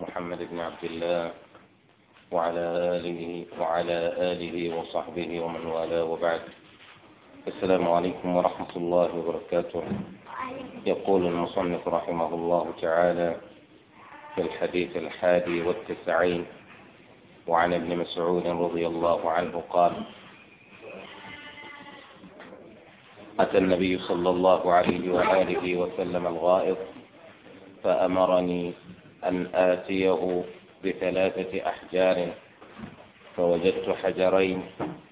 محمد بن عبد الله وعلى آله وعلى آله وصحبه ومن والاه وبعد السلام عليكم ورحمة الله وبركاته يقول المصنف رحمه الله تعالى في الحديث الحادي والتسعين وعن ابن مسعود رضي الله عنه قال أتى النبي صلى الله عليه وآله وسلم الغائط فأمرني أن آتيه بثلاثة أحجار فوجدت حجرين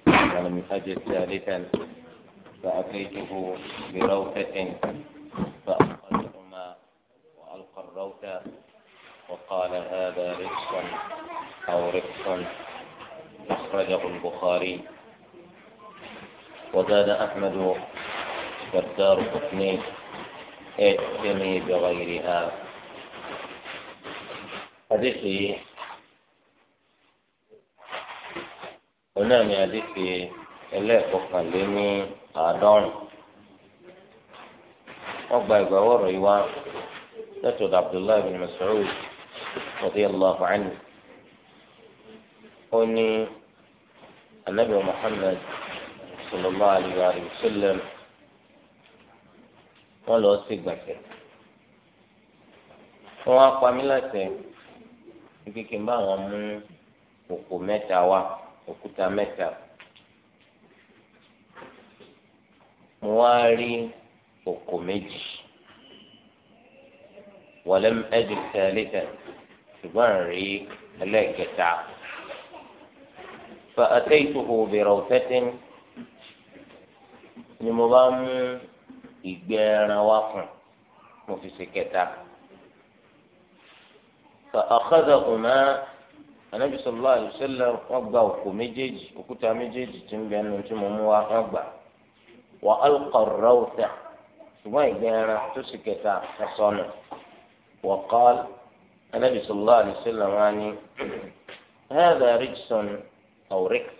ولم أجد ثالثا فأتيته بروثة فأخذهما وألقى الروثة وقال هذا رفق أو رفق أخرجه البخاري وزاد أحمد والدار قطني ائتني بغيرها àdéhì onáàmì àdéhì ẹlẹ́ẹ̀kọkànléní àádọ́rùn wọ́n gba ìgbàwọ́rọ̀ yìí wá lẹ́tọ̀dọ̀ abdullahi bin Mas'ud radiyallahu anhu ó ní anabi muhammad sallallahu alayhi wa sallam wọ́n lọ sí gbàgbẹ́ wọ́n á láti wípé kí n bá wọn mú òkú mẹ́ta wá òkúta mẹ́ta mo wá rí òkú méjì wọlé ẹdì tẹlifẹ ṣùgbọ́n rí ẹlẹ́ẹ̀kẹta fa atẹ́yìtòkò bẹ̀rẹ̀ òtẹ́tẹ́ ni mo bá mú ìgbẹ́ ẹran wá fún mo fi ṣe kẹta. فأخذهما النبي صلى الله عليه وسلم وقبا وكمجج وكتا مجج تنبي أنه تمم وقبا وألقى الروثة ثم يجينا تسكتا حصانا وقال النبي صلى الله عليه وسلم يعني هذا رجس أو ركس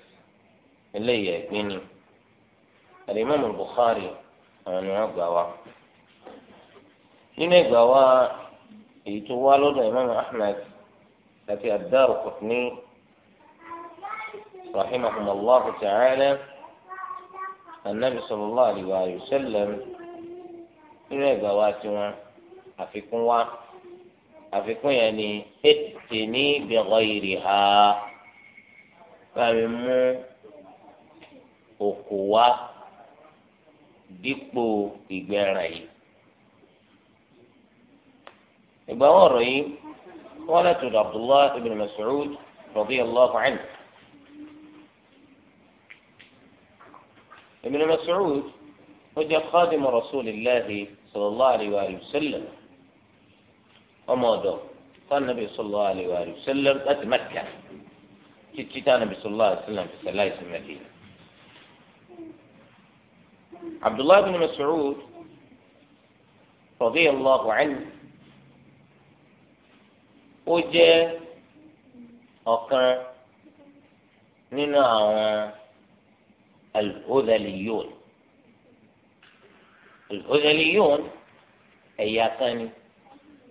اللي يبيني الإمام البخاري أنا يعني أقوى نيجي èyí tó wá lọ́dọ̀ imam ahmed àti ad-Daraqutni rahimahumullah ta'ala anabi sallallahu alayhi wa sallam nínú ẹgbà wa tiwọn àfikún wa àfikún yẹn ni ittini bi ghayriha báyìí mú òkú wa dípò ìgbẹ́ràn yìí. إبواه الرئي ولد عبد الله بن مسعود رضي الله عنه ابن مسعود وجه خادم رسول الله صلى الله عليه وآله وسلم أماده قال النبي صلى الله عليه وآله وسلم أتمكن كتشت النبي صلى الله عليه وسلم في سلايس المدينة عبد الله بن مسعود رضي الله عنه ó jẹ́ ọ̀kan nínú àwọn al-Hudhaliyun al-Hudhaliyun ẹ̀yà kan ni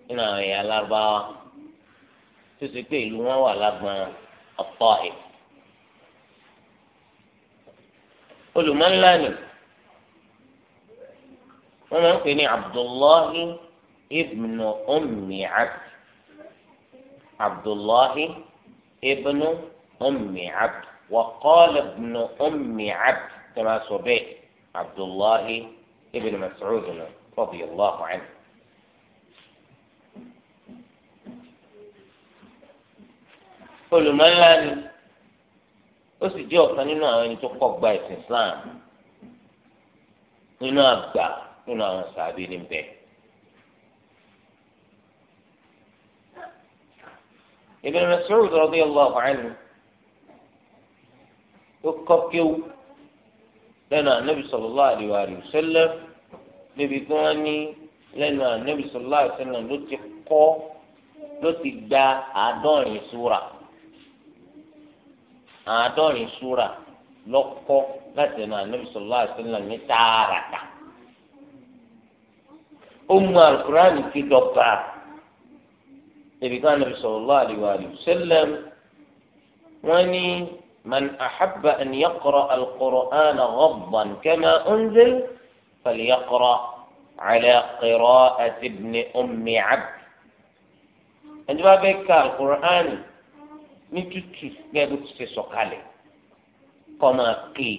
nínú àwọn ẹ̀yà Lárúbáwá tó ṣe pé ìlú wọn wà lágbọn At-Ta'if olùmọ̀nlá ni wọ́n máa ń pè ní Abdullahi ibn Ummi Abd. عبد الله ابن أم عبد وقال ابن أم عبد كما سبق عبد الله ابن مسعود رضي الله عنه olùmọ̀láni ó sì jẹ́ ọ̀kan nínú àwọn ẹni tó kọ́ gba ẹ̀sìn Islam nínú àgbà nínú àwọn sàbí níbẹ̀. Ibn Mas'ud radiyallahu anhu ó kọ́ kéwú lẹ́nu ànábì sallallahu alaihi wa sallam níbi tí wọ́n ní lẹ́nu ànábì sallallahu alaihi wa sallam ló ti kọ́ ló ti gba àádọ́rin súra àádọ́rin súra lọ́kọ́ láti ẹnu ànábì sallallahu alaihi wa sallam ní tààràtà ó mú alukurani fi dọ̀gba nìbíkan nàbì sallallahu alaihi wa sallam wọ́n ní man ahabba an yaqra al-Qur'ana ghaddan kama unzil falyaqra ala qira'ati ibn ummi abd ẹni bá fẹ́ ka alukur'ani ní tútù bẹ́ẹ̀ bó ti ṣe sọ̀kalẹ̀ kó máa ké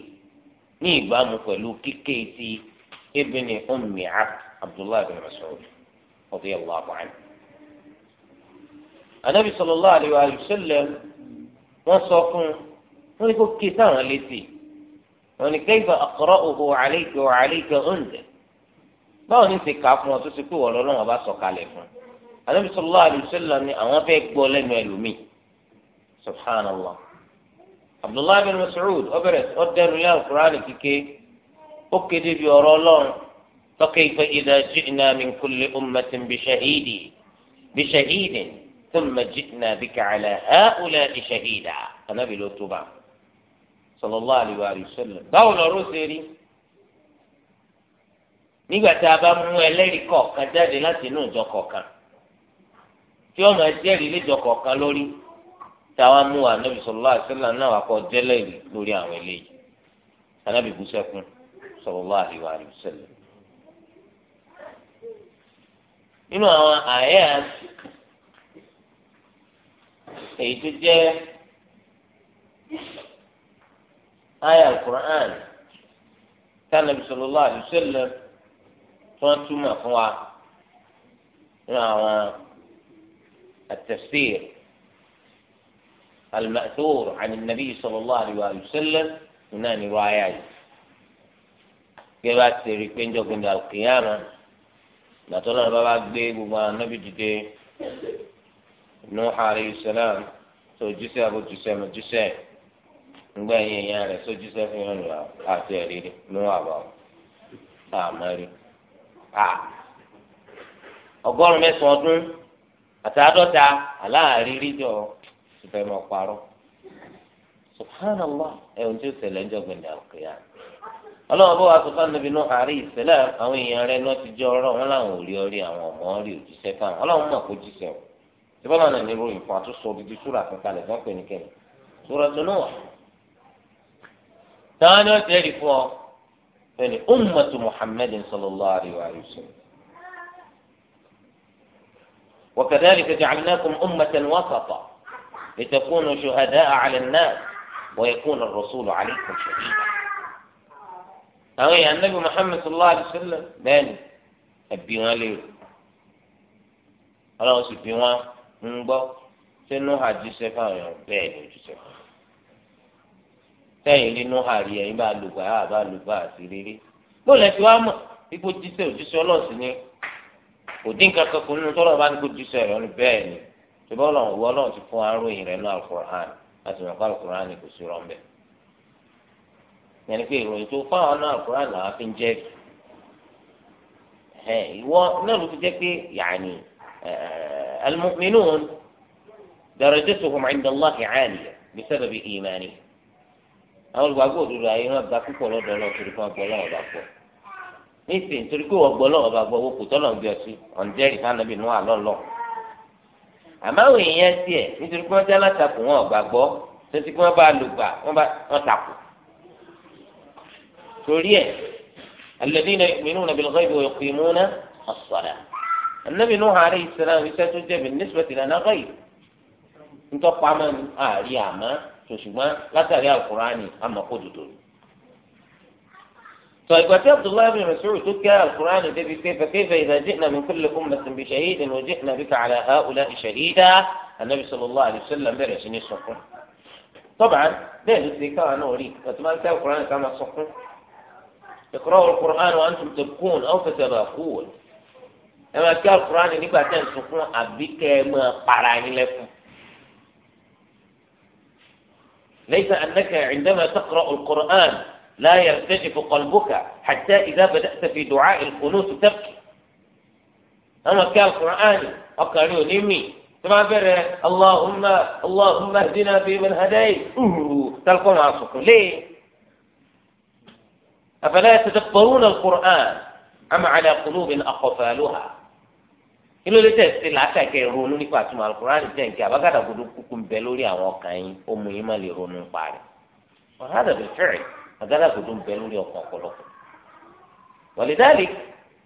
ní ìbámu pẹ̀lú kíké ti ummi abd abdullahi bin mas'ud radiyallahu anhu anabi sallallahu alaihi wa sallam wọn sọ fún wọn ní kó ké sáwọn létí wọn ní kayfa aqra'uhu alayka wa alayka unza báwo ni ti kà á fún ọ tó ti pé wọ́n lọ́wọ́ bá sọ kalẹ̀ fún anabi sallallahu alaihi wa sallam ni àwọn fẹ́ gbọ́ lẹ́nu ẹlòmíì subhanallah abdullahi bin mas'ud ọbẹ̀rẹ̀ ọdẹnu yà kúránì kíké ó kéde bí ọ̀rọ̀ ọlọ́run fa kayfa idha ji'na min kulli ummatin bi shahidi bi shahidin. ثم جئنا بك على هؤلاء شهيدا النبي لو صلى الله عليه وسلم báwo lọ̀rọ̀ ṣe rí nígbà tá a bá mú ẹlẹ́rìí kọ̀ọ̀kan jáde láti inú ìjọ kọ̀ọ̀kan tí ọmọ ẹjẹ́rìí léjọ kọ̀ọ̀kan lórí táwa mú ànábì sallallahu alaihi wasallam náà wàá kọ́ jẹ́lẹ̀rì lórí àwọn eléyìí ànábì bú sẹ́kún sallallahu alaihi wasallam. nínú àwọn àyà èyí tó jẹ́ àyà alukur'an tánàbí sallallahu alaihi wasallam tó ń túmọ̀ fún wa ní awon àwọn at-tafsir al-ma'thur 'an an-nabi sallallahu alaihi wasallam nínú àníwá àyà yìí gẹ́gẹ́ bá ti rí pé njọ́gbìn jọ gbẹ̀ndẹ̀ àlùkìyàmà gbàtọ́ náà bá bá gbé gbogbo àwọn anábì dìde. Nuh alayhi salam sojúṣe abojúṣe mojúṣe ńgbà yẹn yẹn rẹ sojúṣe fi hàn wá àti ẹ̀rí Nuh àbá àmọ́rí à ọgọ́rùn mẹ́sàn ọdún àtàdọ́ta aláàrírí jọ ìfẹ́ mọ̀ subhanallah tí ó ń jọ àkùyà bó wa sọ fún anabi àwọn èèyàn ti jọ wọn làwọn ò rí ìbọ́lá náà ní ròyìn fún àtúnṣe odidi súrà kan kalẹ̀ fún pé nìkẹ́ni súrà tó náà táwọn ni ìròyìn fun atunse odidi sura kan kale fun pe nikeni sura to naa tawon ni wọn ti ẹrí fún ọ fẹ́ni ummatu muhammadin sallallahu alayhi wa sallam وكذلك جعلناكم أمة وسطا لتكونوا شهداء على الناس ويكون الرسول عليكم شهيدا àwọn èèyàn nabi muhammed sallallahu alayhi wa sallam bẹ́ẹ̀ ni ẹbí wọn léèrè Ọlọ́run sì ń gbọ́ ṣé nóhà jíṣẹ́ fáwọn èèyàn bẹ́ẹ̀ ni ojúṣe fún un sẹ́yìn rí bá lùgbà bá lùgbà àti rírí bóòlù ẹ̀sìn wa mọ̀ ipò jíṣẹ́ òjíṣẹ́ ọlọ́ọ̀sìn ni kò dín kankan kò nínú tọ́lọ̀ bá ní kó jíṣẹ́ rẹ̀ bẹ́ẹ̀ ni ṣùgbọ́n ọlọ́run ti fún aróyìn rẹ̀ alukur'an láti mọ̀ المؤمنون درجتهم عند الله عالية بسبب إيمانهم àwọn olùgbàgbọ́ òdodo ayé wọn gba púpọ̀ lọ́dọ̀ lọ torí fún ọgbọ́n lọ́wọ́ bá gbọ́ nísìnyí torí pé ọgbọ́n lọ́wọ́ bá gbọ́ owó kò tọ́lọ̀ ń bí ọtí ọ̀njẹ́rì fánàbì nù àlọ́lọ́ àmọ́ àwọn èèyàn tiẹ̀ nítorí pé wọ́n jẹ́ alátakò wọn ọ̀gbà gbọ́ títí pé wọ́n bá lò wọ́n bá wọ́n takò torí ẹ̀ alladhina yu'minuna bil ghaibi wa yuqimuna as-salah النبي نوح عليه السلام يسجد بالنسبة لنا غير انت قام آري أما تشما لا تري القرآن أما قدوته طيب عبد الله بن مسعود تذكر القرآن تبي كيف كيف إذا جئنا من كل أمة بشهيد وجئنا بك على هؤلاء شهيدا النبي صلى الله عليه وسلم برش يسقون طبعا ليه الذكاء نوري وتمان القرآن كما سقون اقرأوا القرآن وأنتم تبكون أو تتبكون ẹ máa kí alukurani nígbà tẹ́ ń sunkún àbí kẹ́ ẹ máa para yín lẹ́kùn. ليس أنك عندما تقرأ القرآن لا يرتجف قلبك حتى إذا بدأت في دعاء القنوت تبكي أما القران أقرأ نمي ثم بر اللهم اللهم اهدنا فيمن هديت تلقون عصفور ليه؟ أفلا يتدبرون القرآن أم على قلوب أقفالها kí ló dé tẹ̀sí látàkẹ́ ronú nípa àtúmọ̀ alukur'an jẹ́ nǹkan àbágàdà gbọdọ̀ kúkú ń bẹ lórí àwọn ọkàn yín ó mú yín má lè ronú nípa rẹ̀ ọ̀hádà bẹ̀ fẹ́rẹ̀ àgàdà gbọdọ̀ ń bẹ lórí ọkàn ọ̀pọ̀lọpọ̀ wàlídàálì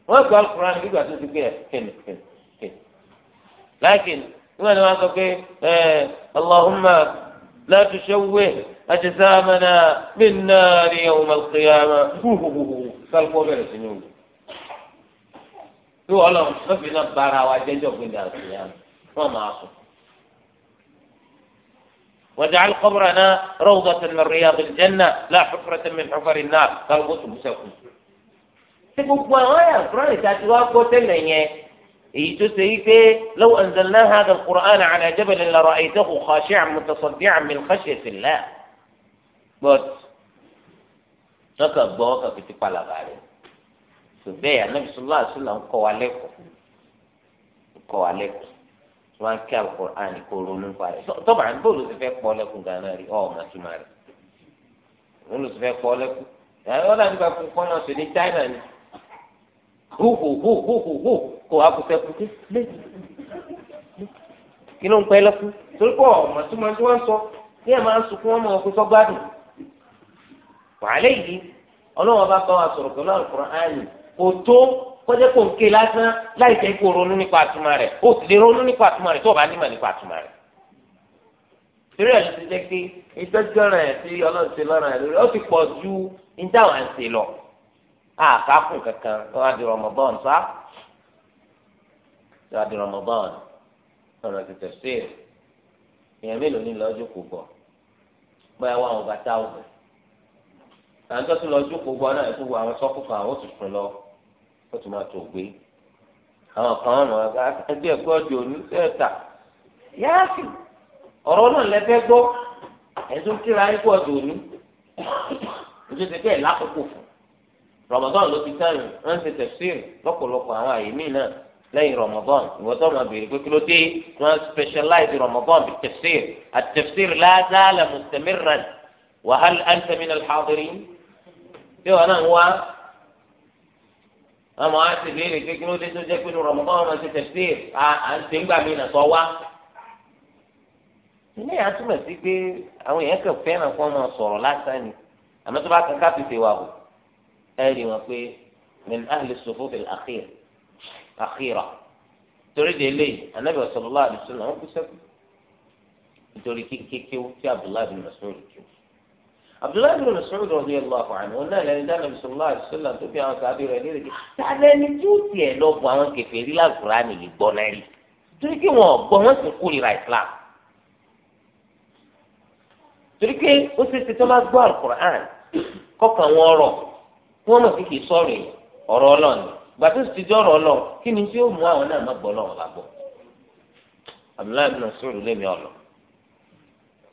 wọ́n gbọ́ alukur'an nígbà tó ti gbé ẹ̀ kẹ́ni kẹ́ni kẹ́ni nígbà tí wọ́n sọ pé ẹ̀ Allahumma la tushawwih ajsamana min nari yawm tí wọ́n lọ lọ́bì náà bára wa jẹ́jọ́ gbé ní àgbéyà wọ́n máa kú. واجعل قبرنا روضة من رياض الجنة لا حفرة من حفر النار قال قلت مسكون تبقوا ويا فراني تاتوا قوتنا èyí tó ṣe yí pé lọ́wọ́ ẹ̀ǹzẹ̀lá ha dàn kúrọ̀án àná jẹ́bẹ̀lẹ̀ lọ́rọ̀ àyíṣẹ́ kò kọ́ṣí àmùtọ̀sọ̀dí àmìlkọ́ṣẹ̀ sílẹ̀. but lọ́kà gbọ́ tó bẹ́ẹ̀ anabi sọlá ń kọ́ wa lẹ́kọ̀ọ́ ń kọ́ wa lẹ́kọ̀ọ́ tí wọ́n á kí alukur'an ronú pa rẹ̀ tọ́ba ń bọ̀ olùsí fẹ́ pọ́ lẹ́kùn gánà rí ọ́ ọ̀ma tó máa rí olùsí fẹ́ pọ́ lẹ́kùn ọ̀la nípa kókó náà sì ní China ni hóhóhóhóhó kó a kò fẹ́ dé lé kí ló ń pẹ́ lẹ́kùn torí pọ̀ ọ̀ma tó máa tó wọ́n sọ kí ẹ̀ máa ń sunkún wọn ọlọ́wọ́n bá kò tó kọjá kò ń ké lásán láì jẹ́ kó ronú nípa àtúmọ̀ rẹ̀ ó ti lè ronú nípa àtúmọ̀ rẹ̀ tó o bá nímọ̀ nípa àtúmọ̀ rẹ̀. torí ẹ̀ ló ti jẹ́ pé ìtọ́jú ọ̀ràn ẹ̀ tí ọlọ́run ṣe lọ́ràn ẹ̀ lórí ó ti pọ̀ ju ìdáhùn à ń ṣe lọ. àkàkùn kankan tó wá di Ramadan sá tó wá di Ramadan ọ̀rọ̀ ti tafsir èèyàn mélòó ní lọ́jọ́ kò bọ̀ bóyá wà wọn bá táwọn bẹ̀. à àwọn sọ́kùnkàn wọ́n tún máa tó gbé àwọn kan wọn máa gba ẹgbẹ́ ẹ̀kọ́ ọdún òní sẹ́ẹ̀ta yáàfì ọ̀rọ̀ náà lẹ́fẹ́ gbọ́ ẹ̀sùn kíra ẹ̀kọ́ ọdún òní ojúṣe bẹ́ẹ̀ lákòókò fún rọmọdán ló ti tán wọn ṣe tẹfsir lọ́pọ̀lọpọ̀ àwọn àyè míì náà lẹ́yìn rọmọdán ìwọ tó máa béèrè pé kí ló dé wọn specialize rọmọdán bí tẹfsir àtẹfsir láàzálà mùsùlùmíràn wàhálà àǹtẹmínà àmọ́ á ti léèrè pé kí ló dé tó jẹ́ pé rọmọ báwọn máa ṣe tẹsí à ń ṣe ń gbà mí nà sọ wá. ilé yà túmọ̀ sí pé àwọn èèyàn kan fẹ́ràn kó máa sọ̀rọ̀ lásán ni àmọ́ tó bá kan ká fìfè wà o ẹ rí wọn pé min ahli sufu fil akhir akhira torí de eléyìí anabi sallallahu alaihi wasallam wọn kú sẹ́kù nítorí kékeré tí abdullahi bin mas'ud kú abdullahi bin Mas'ud radiyallahu anhu náà lẹni dáná bisalòlá àdìsọlá tó fi àwọn sábẹ rẹ léèrè kí sálẹ ni tí ó tiẹ̀ lọ bọ àwọn kèfèrí lágbára nìyí gbọ́ náà rí torí kí wọn gbọ́ wọn sì kórìíra islam torí pé ó ṣe ti tó máa gbọ́ alukur'an kọ́kàn wọn rọ̀ kí wọ́n mọ̀ sí kì í sọ̀rọ̀ ọ̀rọ̀ ọlọ́ọ̀ni gbà tó sì ti jọ́ ọ̀rọ̀ ọlọ́ọ̀ kí ni tí ó mú àwọn náà má gbọ́ náà wà gbọ́ abdullahi bin Mas'ud lèmi ọ̀lọ́ọ̀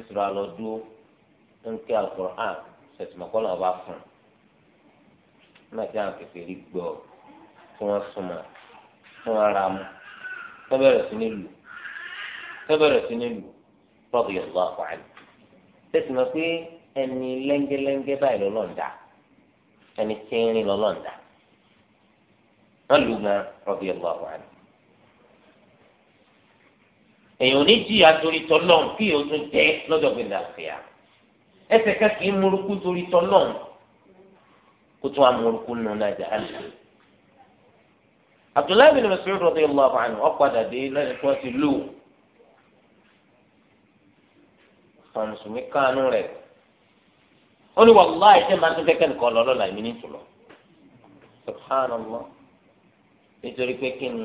ìṣòro àlọ́dúró ń kí alukur'an ṣètìmọ̀kọ́ náà bá fún un nígbà tí àwọn kẹfẹ́ rí gbọ́ tí wọ́n súnmọ́ fún ara mu tọ́bẹ̀rẹ̀ sí ní lù tọ́bẹ̀rẹ̀ sí ní lù rọ́bì yọ̀lọ́ àkọ́hálì ṣètìmọ̀ pé ẹni lẹ́ngẹ́lẹ́ngẹ́ báyìí lọ́lọ́ǹda ẹni tẹ́rin lọ́lọ́ǹda wọ́n lù gan rọ́bì yọ̀lọ́ àkọ́hálì èèyàn ní jìyà torí tọ́lọ́n kí èèyàn tún jẹ́ lọ́jọ́ gbé làkìyà ẹsẹ̀ ká kì í múrukú torí tọ́lọ́n kó tún amúrukú nù náà jẹ́ àlè. Abdullahi bin Mas'ud radiyallahu anhu ọ̀padà dé lẹ́yìn tí wọ́n ti lù ú. àwọn mùsùlùmí kánú rẹ̀ ó ní wàláì ṣe máa tún fẹ́ kẹ́nìkan lọ lọ́la ìmí nìtúlọ̀ subhanallah nítorí pé kí ni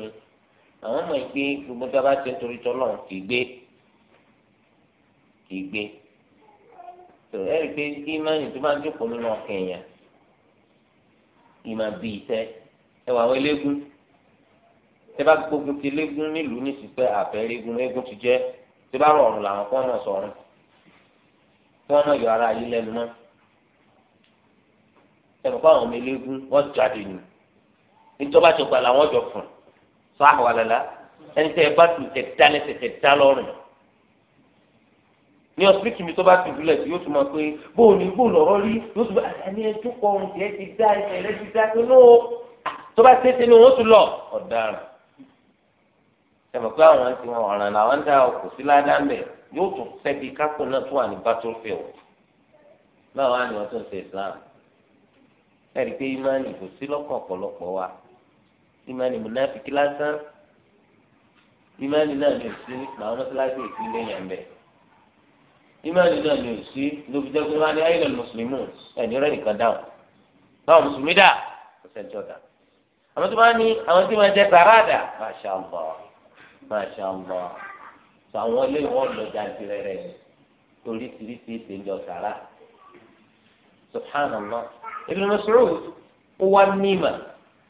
àwọn ọmọ ìgbé gbogbo tí a bá ti ń torí tọ́lọ̀ kì í gbé kì í gbé tó ẹ rí i pé ìmánì tó bá ń jókòó nínú ọkàn èèyàn ìmọ̀ bíi iṣẹ́ ẹ wà àwọn eléégún tẹ bá gbógun ti eléégún nílùú nísìsiyẹ́ àfẹ́ eléégún eégún ti jẹ́ tẹ bá rọrùn làwọn kọ́ náà sọ̀rọ̀ kí wọ́n náà yọ ara yìí lẹ́nu mọ́ ẹnìkan àwọn ọmọ eléégún wọ́n jáde nù nítorí bá ti gbà làwọn jọ fún un sọ àwàlálà ẹni tẹ ẹ bá tù tẹ dá lẹ́sẹ̀ tẹ dá lọ́rùn ní ọsibítù mi tó bá tù dúlẹ̀ tí yóò tún máa pé bóun ní bóun lọ́rọ́ rí yóò tún bá ẹni ẹjọ́ kọ ohun tiẹ̀ ti dá ẹsẹ̀ rẹ ti dá tó lóo tó bá tẹ́tẹ́ ni wọ́n tún lọ ọ̀daràn ẹ̀mọ̀ pé àwọn ti wọn ọ̀ràn làwọn dá òkú sí ládàá mẹ́ yóò tún sẹ́bi kápò náà tún wà ní battlefield báwọn àni wọn tún ṣe Islam ẹ̀rí pé imáàlì kò sí lọ́kàn ọ̀pọ̀lọpọ̀ wa ìmánì mùnáfíkì lásán ìmánì náà ní òsì làwọn mọ́sálásí ìpínlẹ̀ yẹn bẹ̀. ìmánì náà ní òsì ló fi jẹ́ pé wọ́n á ní ayélujára mùsùlùmí ẹ̀ní rẹ̀ nìkan dáhùn. báwo mùsùlùmí dà kò sẹ́ńtì ọ̀dà. àwọn tó bá ní àwọn tí wọ́n jẹ́ sàràdà Masha Allah Masha Allah sọ àwọn ilé wọn lọ jáde rẹ̀ rẹ̀ oríṣiríṣi ìpéjọ sàrà subhanallah Ibn Mas'ud ó wá mímà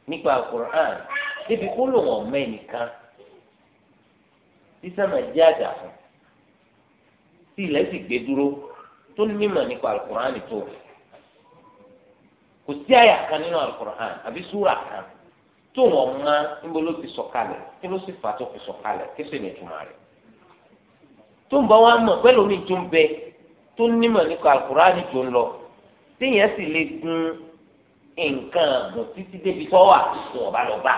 nípa alukur'an níbi kó lò wọ́n mọ ẹnìkan sísàmà jẹ́ àjà fún tí ilẹ̀ sì gbé dúró tó nímọ̀ nípa alukur'an tó kò sí àyà kan nínú alukur'an àbí súrà kan tó wọ́n mọ níbo ló ti sọ̀kalẹ̀ kí ló sì fà tó fi sọ̀kalẹ̀ kí sì ní ìtumọ̀ rẹ̀ tó ń bọ̀ wá mọ̀ pẹ́lú omi tó ń bẹ tó nǹkan ọ̀gùn títí débi tó wà tó ọba lọ bá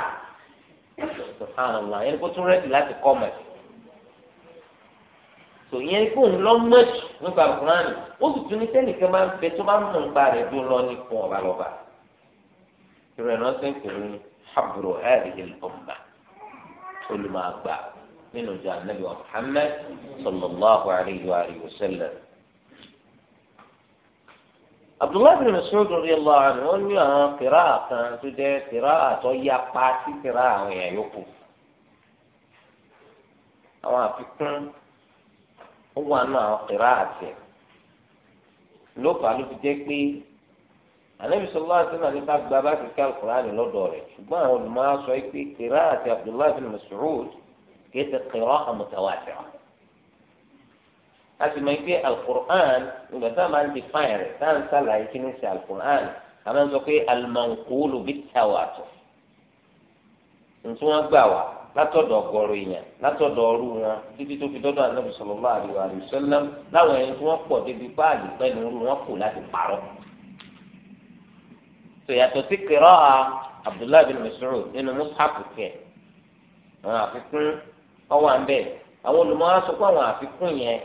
ẹni kó tún rẹ́dì láti kọ́ mọ̀ tò yẹn kó ń lọ mọ́tò nípa kúránì ó sì tún ní sẹ́nìkan máa ń bẹ tó bá ń mú nípa rẹ̀ dún lọ ní fún ọba lọ bá ìrẹ̀ náà ṣe ń pè ní habro ẹ̀rìhìn ọ̀gbà olùmọ̀ àgbà nínú ìjọ ànábì Muhammad sallallahu alayhi wa sallam abdullahi bin masoud radiyallahu anhu ó ní àwọn kìrá kan tó jẹ kìrá àtọ yapa sí kìrá àwọn èèyàn yòókù àwọn àfikún ó wà nù àwọn kìrá àti ló fà ló fi jẹ pé anabi sọlá àti nàbí bá gba bá ti ká alukurani lọ́dọ̀ rẹ̀ ṣùgbọ́n àwọn olùmọ̀ aṣọ yìí pé kìrá àti abdullahi bin masoud kìí ti kìrá àmọtàwátìrà láti mọ̀ pé alukur'an nígbà tá a máa ń di fáìn rẹ̀ tá a ń sàlàyé kí ni ṣe alukur'an a máa ń sọ pé alimankulu bi tawatur ntun wọn gbà wá látọ̀dọ̀ ọgọ́rùn èèyàn látọ̀dọ̀ ọrú wọn títí tó fi dọ́dọ̀ ànábì sallallahu alaihi wa sallam láwọn ẹni tí wọ́n pọ̀ débi páàlì pẹ́ẹ́lú irú wọn kù láti parọ́. tòyàtọ̀ sí kìrọ́à abdullahi bin Mas'ud nínú mùsàkù kẹ̀ àwọn àfikún ọwọ́ àbẹ̀ àwọn olùmọ̀ á sọ pé àwọn àfikún yẹn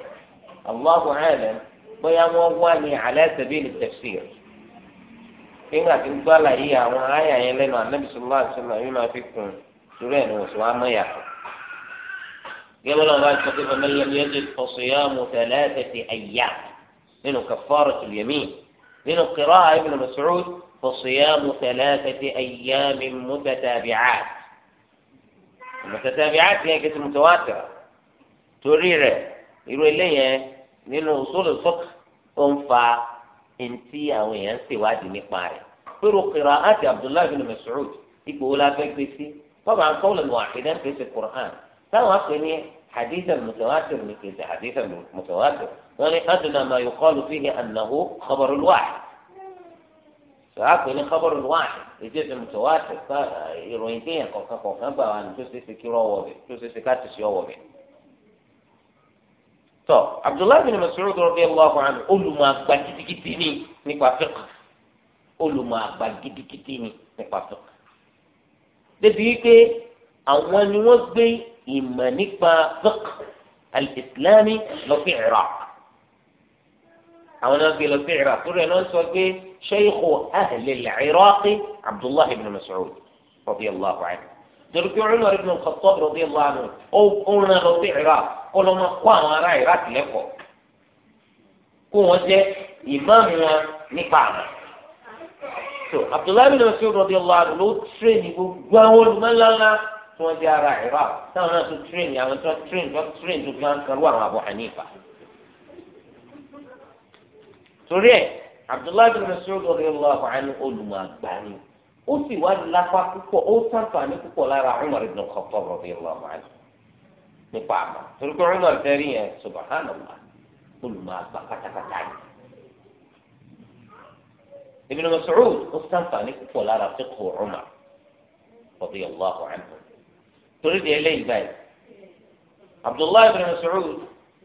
Allahu alam bóyá wọ́n wá ní ala sabil at-tafsir nígbà tí ń gbọ́ àlàyé àwọn àyà yẹn lẹ́nu Ànábì sallallahu alaihi wasallam yìí máa fi kún sórí ẹ̀ ní wọ́n sọ wá mọ́yà. gẹ́gẹ́ bá sọ pé bàbá yẹn yẹn ti fọṣọ yá mu thalathati ayyam nínú kaffaratul yamin nínú qira'a Ibn Mas'ud fọṣọ yá mu thalathati ayyamin mutatabi'at mutatabi'at yẹn kìí ti mutawatira torí rẹ̀ irú eléyẹn nínú sóòlù sọ́kà ó ń fa eŋti àwọn èèyàn ń ṣèwádìí nípa rẹ̀ pẹ̀lú kìrọ̀ àti abdullahi bin mas'ud ipò wo la fẹ́ gbé sí bàbá ń kọ́wọ́lẹ̀ ní wàhídẹ́ kìí ṣe qur'an táwọn akpẹ́ ní hadithan mutawatir ní kìí ṣe hadithan mutawatir wọ́n ní adùnà ma yuqalu fihi annahu khabarul wahid sọ́kùn ní khabaru wáhì ètò ìsìn mùsùlùmí ìròyìn téèyàn kọ̀ọ̀kan kọ̀ọ̀kan gbà wà ní tó ṣeéṣe kí ọwọ́ bẹ̀ tó ṣeéṣe ká ti ṣe ọwọ́ bẹ̀ tọ abdullahi bin mas'ud radiyallahu anhu olùmọ̀ àgbà gidigidi ni nípa fiqh olùmọ̀ àgbà gidigidi ni nípa fiqh débi wípé àwọn ni wọ́n gbé ìmọ̀ nípa fiqh al-islami lọ sí iraq àwọn náà gbé lọ sí iraq tó rẹ̀ náà sọ pé shaykhu ahli al-iraq abdullahi bin mas'ud radiyallahu anhu torí pé Umar ibn al-Khattab radiyallahu anhu ó ń rán lọ sí Iraq kó lọ́ máa kó àwọn ará Iraq lẹ́kọ̀ọ́ kó wọ́n jẹ́ ìmáàmù wọn nípa àná. so Abdullahi bin Mas'ud radiyallahu anhu ló tírèèni gbogbo àwọn olùmọ̀láńlá tí wọ́n jẹ́ ará Iraq táwọn náà tó tírèèni àwọn tó tírèèni tó tírèèni tó fi hàn kan lú àwọn Abu Hanifa. torí ẹ Abdullahi bin Mas'ud radiyallahu anhu olùmọ̀ àgbà ni ó sì wá lápá púpọ̀ ó sàǹfààní púpọ̀ lára Umar ibn Khattab radiyallahu anhu nípa àmọ́ torí pé Umar fẹ́rí yẹn subhanallah olùmọ̀ àgbà pátápátá yìí. Ibn Mas'ud ó sàǹfààní púpọ̀ lára fiqhu Umar radiyallahu anhu torí di eléyìí báyìí Abdullahi ibn Mas'ud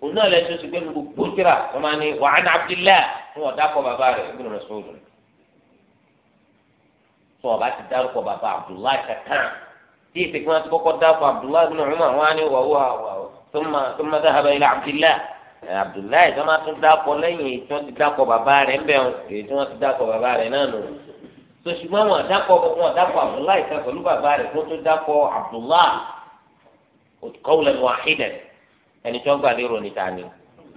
òun náà lẹ́sọ̀ sí pé gbogbo tíra wọ́n máa ní wàhánà Abdullahi wọn dákọ̀ bàbá rẹ̀ Ibn Mas'ud rẹ̀ tó ọba ti dárúkọ bàbá abdullahi kankan tí èsì kí wọn ti kọ́kọ́ dárúkọ abdullahi bin umar wọn á ní wàhù àwọn tó má dáhàbà ilà abdullahi abdullahi tó má tún dárúkọ lẹ́yìn tí wọ́n ti dárúkọ bàbá rẹ̀ ń bẹ̀ wọn èyí tí wọ́n ti dárúkọ bàbá rẹ̀ náà nù. tó ṣùgbọ́n wọn dákọ wọn dákọ abdullahi kan pẹ̀lú bàbá rẹ̀ tó tún dákọ abdullahi qawlan wahidan ẹni tó gbàlérò níta ni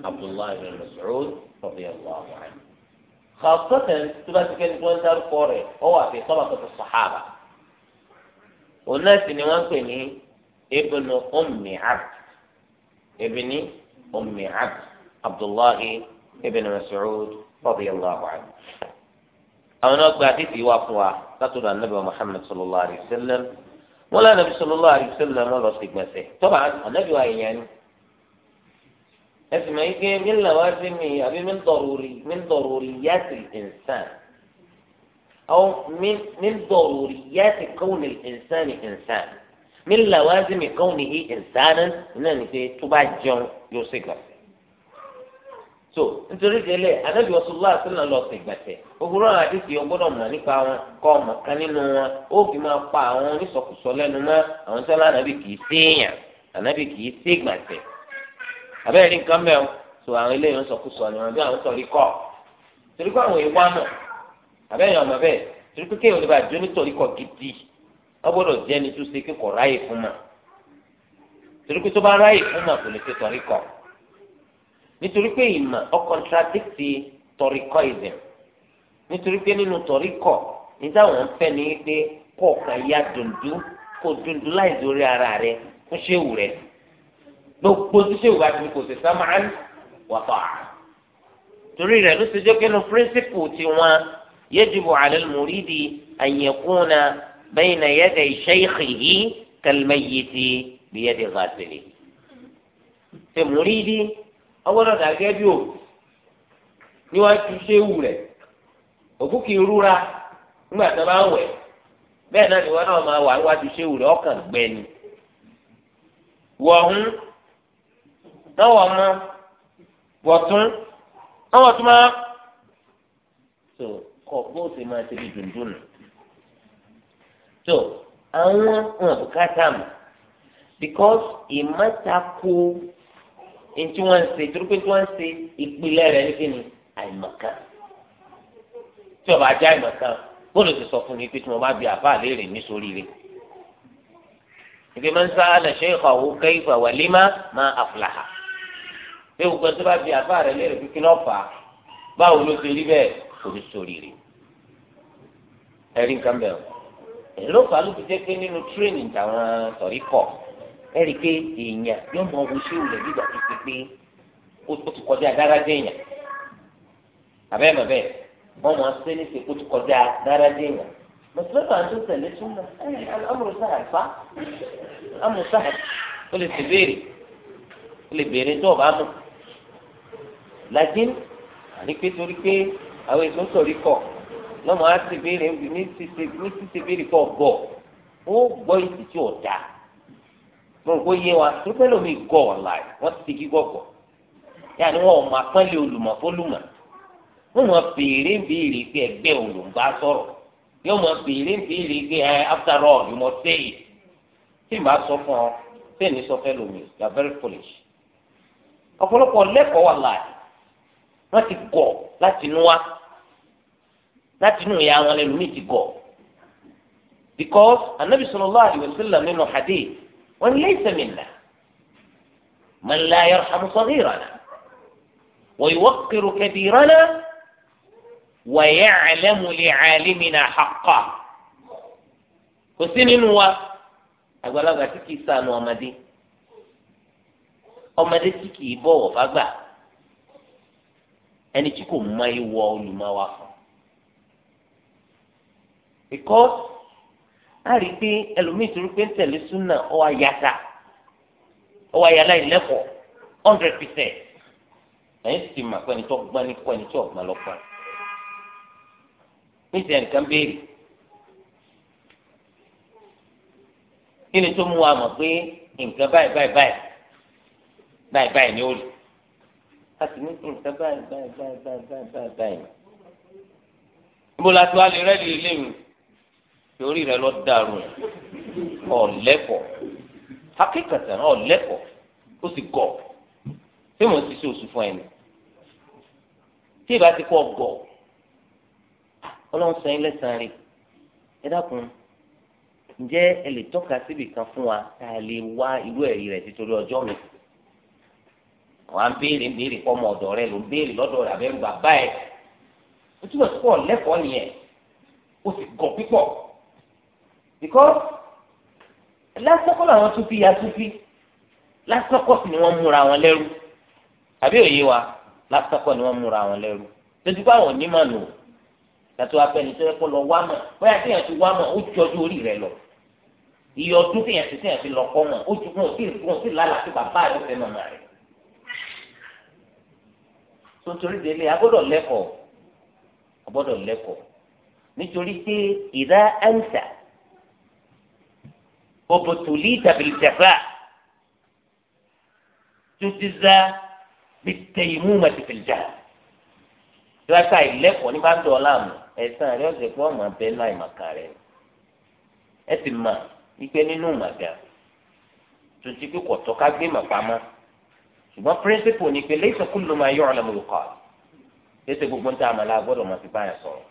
abdullahi bin Mas'ud radiyallahu خاصة تبقى كان يكون دار قرية هو في طبقة الصحابة والناس اللي ممكن ابن أم عبد ابن أم عبد عبد الله ابن مسعود رضي الله عنه أو نقول في وقوع تطلب النبي محمد صلى الله عليه وسلم ولا النبي صلى الله عليه وسلم ما بصدق مسيح طبعا النبي يعني ẹsìn máa ń gbé mí làwọn á sí mi àbí mí dọ̀rùrì mí dọ̀rùrì yá sí ìnsán àwọn mí dọ̀rùrì yá sí kọ́wùnì ìnsán ní ìnsán mí làwọn á sí mi kọ́wùnì yí ìnsán náà ní pé tó bá jẹun yóò sì gbà so nítorí délé anábì ọ̀ṣunlá sílẹ̀ lọ sí ìgbàtẹ̀ òwúrọ̀ àdìsí ọgbọ́dọ̀ mọ̀ nípa wọn kọ́ ọmọ kan nínú wọn ó fi máa pa àwọn oníṣọ̀kùsọ lẹ́nu mọ́ kì í séèyàn ànábì abẹ́rẹ́ ní nǹkan mẹ́wọ́ tó àwọn eléyìí ń sọkúsọ ni wọn bí àwọn sọ rí kọ́ torí kọ́ àwọn ìwà mọ̀ abẹ́rẹ́ ọmọ bẹ́ẹ̀ torí pé kéèyàn nípa àjọ nítorí kọ́ gidi wọ́n gbọ́dọ̀ jẹ́ ni tó ṣe kíkọ́ ráyè fún mà torí pé tó bá ráyè fún mà kò lè ṣe tọ́rí kọ́ nítorí pé ìmọ̀ ọ kọ́ntradíkì tọ́rí kọ́ ìdẹ̀ nítorí pé nínú tọ́rí kọ́ ní táwọn fẹ́ ni pé kọ̀ọ̀kan ya dundun kò dundun láì dórí ara rẹ kó ṣéwù rẹ̀ gbogbo tí sèwù àti kò sì sámán wà fà á torí rẹ̀ ló ti jẹ́ pé nu píríncípù tiwọn yajibu ala al-muridi an yakuna bayna yaday shaykhihi kal-mayyiti bi yadi ghasilihi ṣe mùrídì ọgbọ́dọ̀ dàgẹ́ bí o níwájú ṣéwù rẹ̀ òkú kì í rúra nígbà tó bá ń wẹ̀ bẹ́ẹ̀ náà ni wọ́n náà máa wà níwájú ṣéwù rẹ̀ ọkàn gbẹ̀ni náà wọ́n mọ wọ̀tún náà wọ́n tún máa tó kọ́ bó ṣe máa ṣe bí dundun tó àwọn wọn bùkátà mọ́ because ìmọ̀tako ntí wọ́n ń ṣe torípé tí wọ́n ń ṣe ìpìlẹ̀ rẹ̀ ní kíni àìmọ̀kan tí ọba ajá àìmọ̀kan bóòlù ti sọ fún mi pé tí mo bá bi àbá léèrè ní sórí rẹ̀ ìgbìmọ̀ nsá alẹ́ ṣe é kọ̀ wọ́n kẹ́ ìfọ̀wẹ́límà máa àfúlàhà pé gbogbo ẹni tó bá bi àfa rẹ léèrè kíkí náà fà á báwo ló ṣe rí bẹ́ẹ̀ kò ní sórí rè ẹ̀rí nǹkan bẹ́ẹ̀ o èyí ló fà á ló fi jẹ́ pé nínú tírénì tàwọn sọ̀rí kọ̀ ẹ̀rí pé èèyàn yóò mọ ohun ṣé òun lè bí ìgbà tó ti pé ó ti kọjá dáradé èèyàn àbẹ́ẹ̀mọ̀ bẹ́ẹ̀ wọ́n mọ̀ ṣe ní ṣe kó ti kọjá dáradé èèyàn mọ̀tòlọ́pọ̀ àti tẹ̀lé túmọ̀ amúrúsá àfá amúrúsá ó lè ṣèbéèrè ó lè béèrè tó o bá mú lakin àní pé torí pé àwọn èso ń sọ̀rí kọ̀ lọ́mọ á ti béèrè ní ṣíṣe béèrè kọ̀ bọ̀ ó gbọ́ ìsì tí ò dáa mo rò pé yé wa tó pẹ́ lómi gọ̀ ọ̀la wọ́n ti kí gbọ̀gbọ̀ yàrá wọn ò máa pọ́nlé olùmọ̀ fólùmọ̀ wọn máa béèrè béèrè pé ẹgbẹ́ olùmbá sọ̀rọ̀ yóò máa béèrè béèrè pé ẹ eh, after all you must say it tí n bá sọ fún ọ tí èmi sọ fẹ́ lómi you are very foolish ọ̀pọ̀lọpọ̀ lẹ́kọ̀ọ́ wà láàyè wọ́n ti kọ̀ láti inú wa láti inú ìyá wọn lẹ́lòmíì ti kọ̀ because anabi sallallahu alayhi wa sallam nínú hadith wọn laysa minna man la yarhamu saghirana wa yuwaqqiru kabirana wa ya'lamu li'alimina haqqa kò sí nínú wa àgbàlagbà tí kìí ṣàánú ọmọdé ọmọdé tí kìí bọ̀wọ̀ fágbà ẹni tí kò mọ ìwọ olùmọ̀ wa fún because a rí i pé ẹlòmíì torí pé ń tẹ̀lé súnà ọwọ́ ayáta ọwọ́ ayálà ìlẹ́kọ̀ọ́ hundred percent ẹ̀yìn sì mà pé ẹni tó gbọ́n ní kọ́ ẹni tó ọ̀gbọ́n lọ́pọ̀ níta ẹnìkan béèrè kí ni tó mú wa mọ̀ pé nǹkan báyìí báyìí báyìí báyìí báyìí ni ó rí a sì ní nǹkan báyìí báyìí báyìí báyìí báyìí báyìí báyìí. níbo la ti wá lè rẹ́ẹ̀lì eléyìí torí rẹ lọ dàrú ọ̀lẹ́kọ̀ akẹ́kọ̀ọ́ ọ̀lẹ́kọ̀ ó sì gọ̀ tí mo ti ṣe oṣù fún ẹni tí ìbá ti kọ́ gọ̀ ọlọ́run sẹ́yìn lẹ́sàn-án rẹ̀ ẹ dákun ǹjẹ́ ẹ lè tọ́ka síbì fún wa tá a lè wá irú ẹ̀rí rẹ̀ títorí ọjọ́ mi wọn á béèrè ń béèrè kọ́ ọmọ ọ̀dọ̀ rẹ ló ń béèrè lọ́dọ̀ rẹ abẹ́rù bàbá ẹ̀ o túbọ̀ pọ̀ lẹ́kọ̀ọ́ nìyẹn o sì gọ̀ pípọ̀ because lásìkò làwọn tún fi ya tún fi lásìkò sì ni wọ́n múra wọn lẹ́rú àbí òye wa lásìkò ni wọ́n múra wọn lẹ́rú lójú bá wọn onímọ̀ nù yàtọ̀ abẹ́ni tó yẹ kó lọ wá mọ̀ bóyá tí yẹn ti wá mọ̀ ó jọjú orí rẹ lọ iye ọdún tí yẹn ti tí yẹn ti lọ kọ́ mọ̀ ó ju kún òsì kún òsì lálàá sí bàbá àdófẹ́ mọ̀mọ́ rẹ̀ tó torí délé agbọ́dọ̀ lẹ́kọ̀ọ́ agbọ́dọ̀ lẹ́kọ̀ọ́ nítorí pé ìdá ẹ̀ǹsà òbòtòlì tàbílìjàfà tutiza bìtẹ̀yìmú màtìfìlìjà ìwáṣà ìlẹ́kọ̀ọ́ nípa ń dọ̀ọ́lá mu ẹ̀sán rẹ̀ ọ̀sẹ̀ fún ọmọ abẹ́ náà ìmàkà rẹ̀ ẹ ti mà wípé nínú màgà tuntun kíkọ̀ tó ká gbé màpamọ́ ṣùgbọ́n píríncípù ni pé lẹ́sẹ̀ kú ló máa yọ ọ̀nà mọ̀ lùkọ́ lẹ́sẹ̀ gbogbo ń tà àmàlà gbọ́dọ̀ máa fi báyà sọ̀rọ̀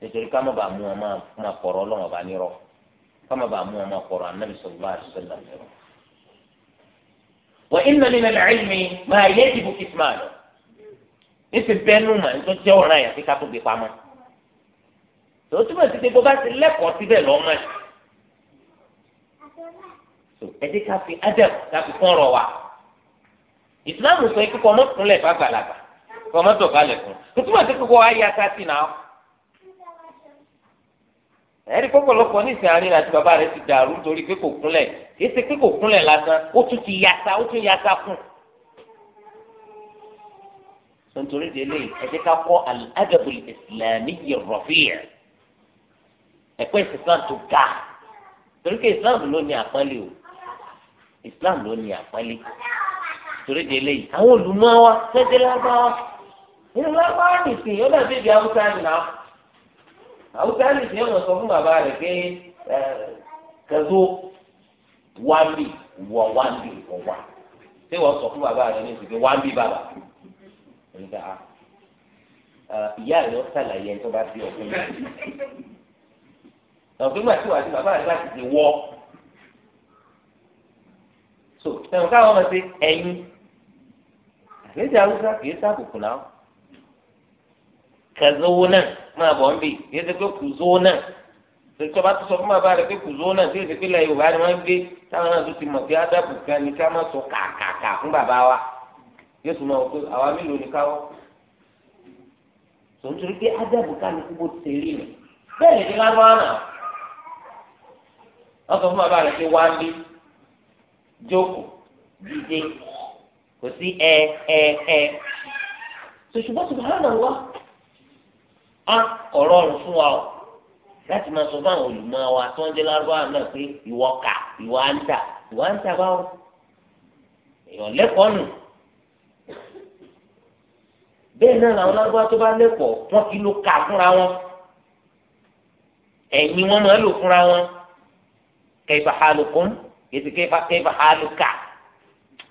nítorí ká má bàa mú wọn máa kọ̀rọ̀ ọlọ́wọ́n bá nírọ̀ ká má bàa mú wọn máa kọ̀rọ̀ anábì sọ̀rọ̀ bá àṣìṣẹ́lá nírọ̀. wà inna min al-ilmi ma yajibu kitmanu níṣẹ́ bẹ́ẹ̀nu mà nítorí jẹ́ ọ̀ràn yẹn fi ká tó gbé pamọ́ ìsìláàmù sọ ikú kọ́ mọ́kúnlẹ̀ fàgbàlagbà kọ́ mọ́tòkálẹ̀ fún un túmọ̀ sí kókó ayé asásì náà ẹ̀rí pọ̀pọ̀lọpọ̀ ní ìsìn àárín àti bàbá rẹ̀ ti dàrú nítorí pé kò kúnlẹ̀ kì í ṣe pé kò kúnlẹ̀ lásán ó tún ti yasa ó tún yasa fún un. nítorí délé ẹ ká kọ́ al-adabul islamiyyi ar-rafi' ẹ̀kọ́ ìsìsán tó ga torí pé islam ló ní àpọ́nlé o islam ló ní àpọ́nlé torí de eléyìí àwọn olùmọ̀wá tẹ́tẹ́ lágbáwá nínú lágbáwá nìsín yóò dàbí ibi haúsá nìlá haúsá nìsín yóò sọ fún bàbá rẹ̀ pé kẹzó wámbì wọ wámbì wọ wá ṣé wọ́n sọ fún bàbá rẹ̀ ní ìsìnkú wámbì bàbá ah. ìyá rẹ̀ ó sàlàyé ẹni tó bá bí ọkùnrin ọ̀gbìn gbà tí wàá di bàbá rẹ̀ láti ti wọ́ so tẹ̀wọ́n káwọn ọmọ ṣe ẹ̀yìn kìí ṣe haúsá kìí ṣe àbùkù náà kẹzọwọ náà máa bọ̀ ń bì kìí ṣe pé kùzọwọ náà tòtò bá tó sọ fún bàbá rẹ pé kùzó náà tí èdè pínlẹ̀ yorùbá ni wọ́n ń gbé táwọn náà tó ti mọ̀ pé ádàbò kan ní ká má sọ kàkàkà fún bàbá wa yóò tún mọ̀ pé àwa mélòó ni káwọ́ tòun torí pé ádàbò kan ní kúbó ti rí bẹ́ẹ̀ ni lágbára wọ́n sọ fún bàbá rẹ pé wá jókòó dídé kò sí ẹ ẹ ẹ ṣùgbọ́n subhanallah á ọ̀rọ̀ ọ̀rùn fún wa o láti máa sọ fún àwọn olùmọ̀ wa tó ń jẹ́ lárúbáwá náà pé ìwọ kà ìwọ á ń tà ìwọ á ń tà báwo èèyàn lẹ́kọ̀ọ́ nù bẹ́ẹ̀ náà làwọn lárúbáwá tó bá lẹ́kọ̀ọ́ wọn kì í lo kà fúnra wọn ẹ̀yin wọn máa lò fúnra wọn kayfa halukum yìí ti kayfa kayfa haluka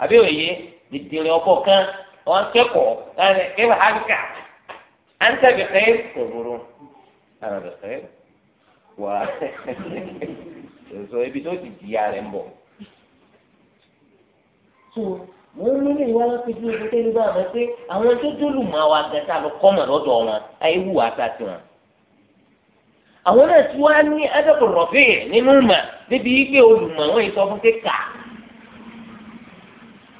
àbí òye dìdìrì ọbọ kan wọn kẹ́kọ̀ọ́ ẹnì kébà áfíríkà àǹtẹ bìkẹ́ kòkòrò àrà bìkẹ́ wà ẹsọ ibi tó ti di ara ń bọ̀. tó mo ń lé ìwà lọ́sibí ojú tẹ́lẹ̀ bá mi pé àwọn tó dúró mọ́ àwa gẹ̀ẹ́sà lọ kọ́mọ̀ lọ́dọ̀ wọn ayé wù wá sá tiwọn àwọn náà tí wàá ní adẹ́kùn rọ̀fẹ́ nínú mà níbi yí pé olùmọ̀ wọn yìí sọ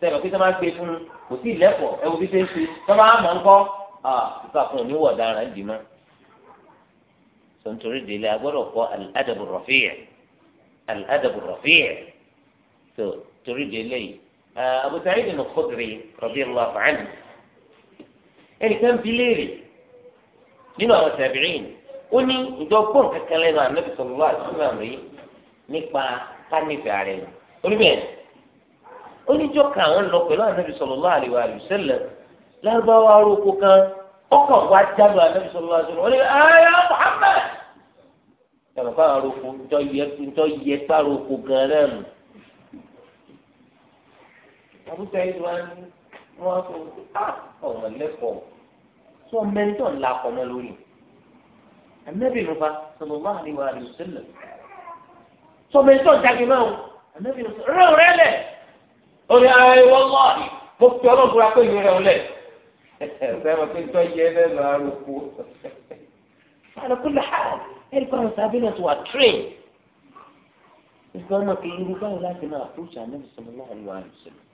sẹ́yìn pé sọ́mà gbé fún kò sí ìlẹ́pọ̀ ẹ̀wù bí ṣe ń ṣe sọ́mà àmọ́ ńkọ́ ìkàkùn òníwọ̀ dára ń dì mọ́. sọ̀ntorí délé agbọ́dọ̀ kọ́ al-adabu rafi' al-adabu rafi' tó torí délé yìí Abu Sa'id al-Khudri radiyallahu anhu ẹnìkan bí léèrè nínú àwọn tabi'in ó ní ìjọgbọ́n kankan lẹ́nu ànábì oníjọ́ kan àwọn lọ pẹ̀lú ànábì sallallahu alaihi wa sallam lárúbáwá aróko kan ọkọ̀ wá jáde ànábì sallallahu alaihi wa sallam wọ́n ní ayé Muhammad tẹ̀lé fún àwọn aróko ńtọ́ yẹ ńtọ́ yẹ sáré oko gan náà nù. àbúté yìí wá ní wọ́n sọ ah, ọmọ lẹ́kọ̀ọ́ sọ mẹ́ńtọ̀ ńlá kọ́mọ lórí ànábì nùfà sallallahu alaihi wa sallam sọ mẹ́ńtọ̀ jáde náà ànábì nùfà rẹ̀ rẹ̀ lẹ̀. ó ní ayé wọ́lọ́ọ̀dì mo fi ọlọ́run ra pé ìyẹn rẹ̀ ọ̀lẹ̀ sẹ́wọ̀n pé tó yẹ ẹ lọ sọ̀rọ̀ alakula ha ẹni kọ́ àwọn sábẹ́ náà tó wà tírè ìgbọ́n náà kì í rú báwo láti máa àpòròṣì ànábì sọ̀rọ̀ náà lọ́wọ́ àlùsọ̀rọ̀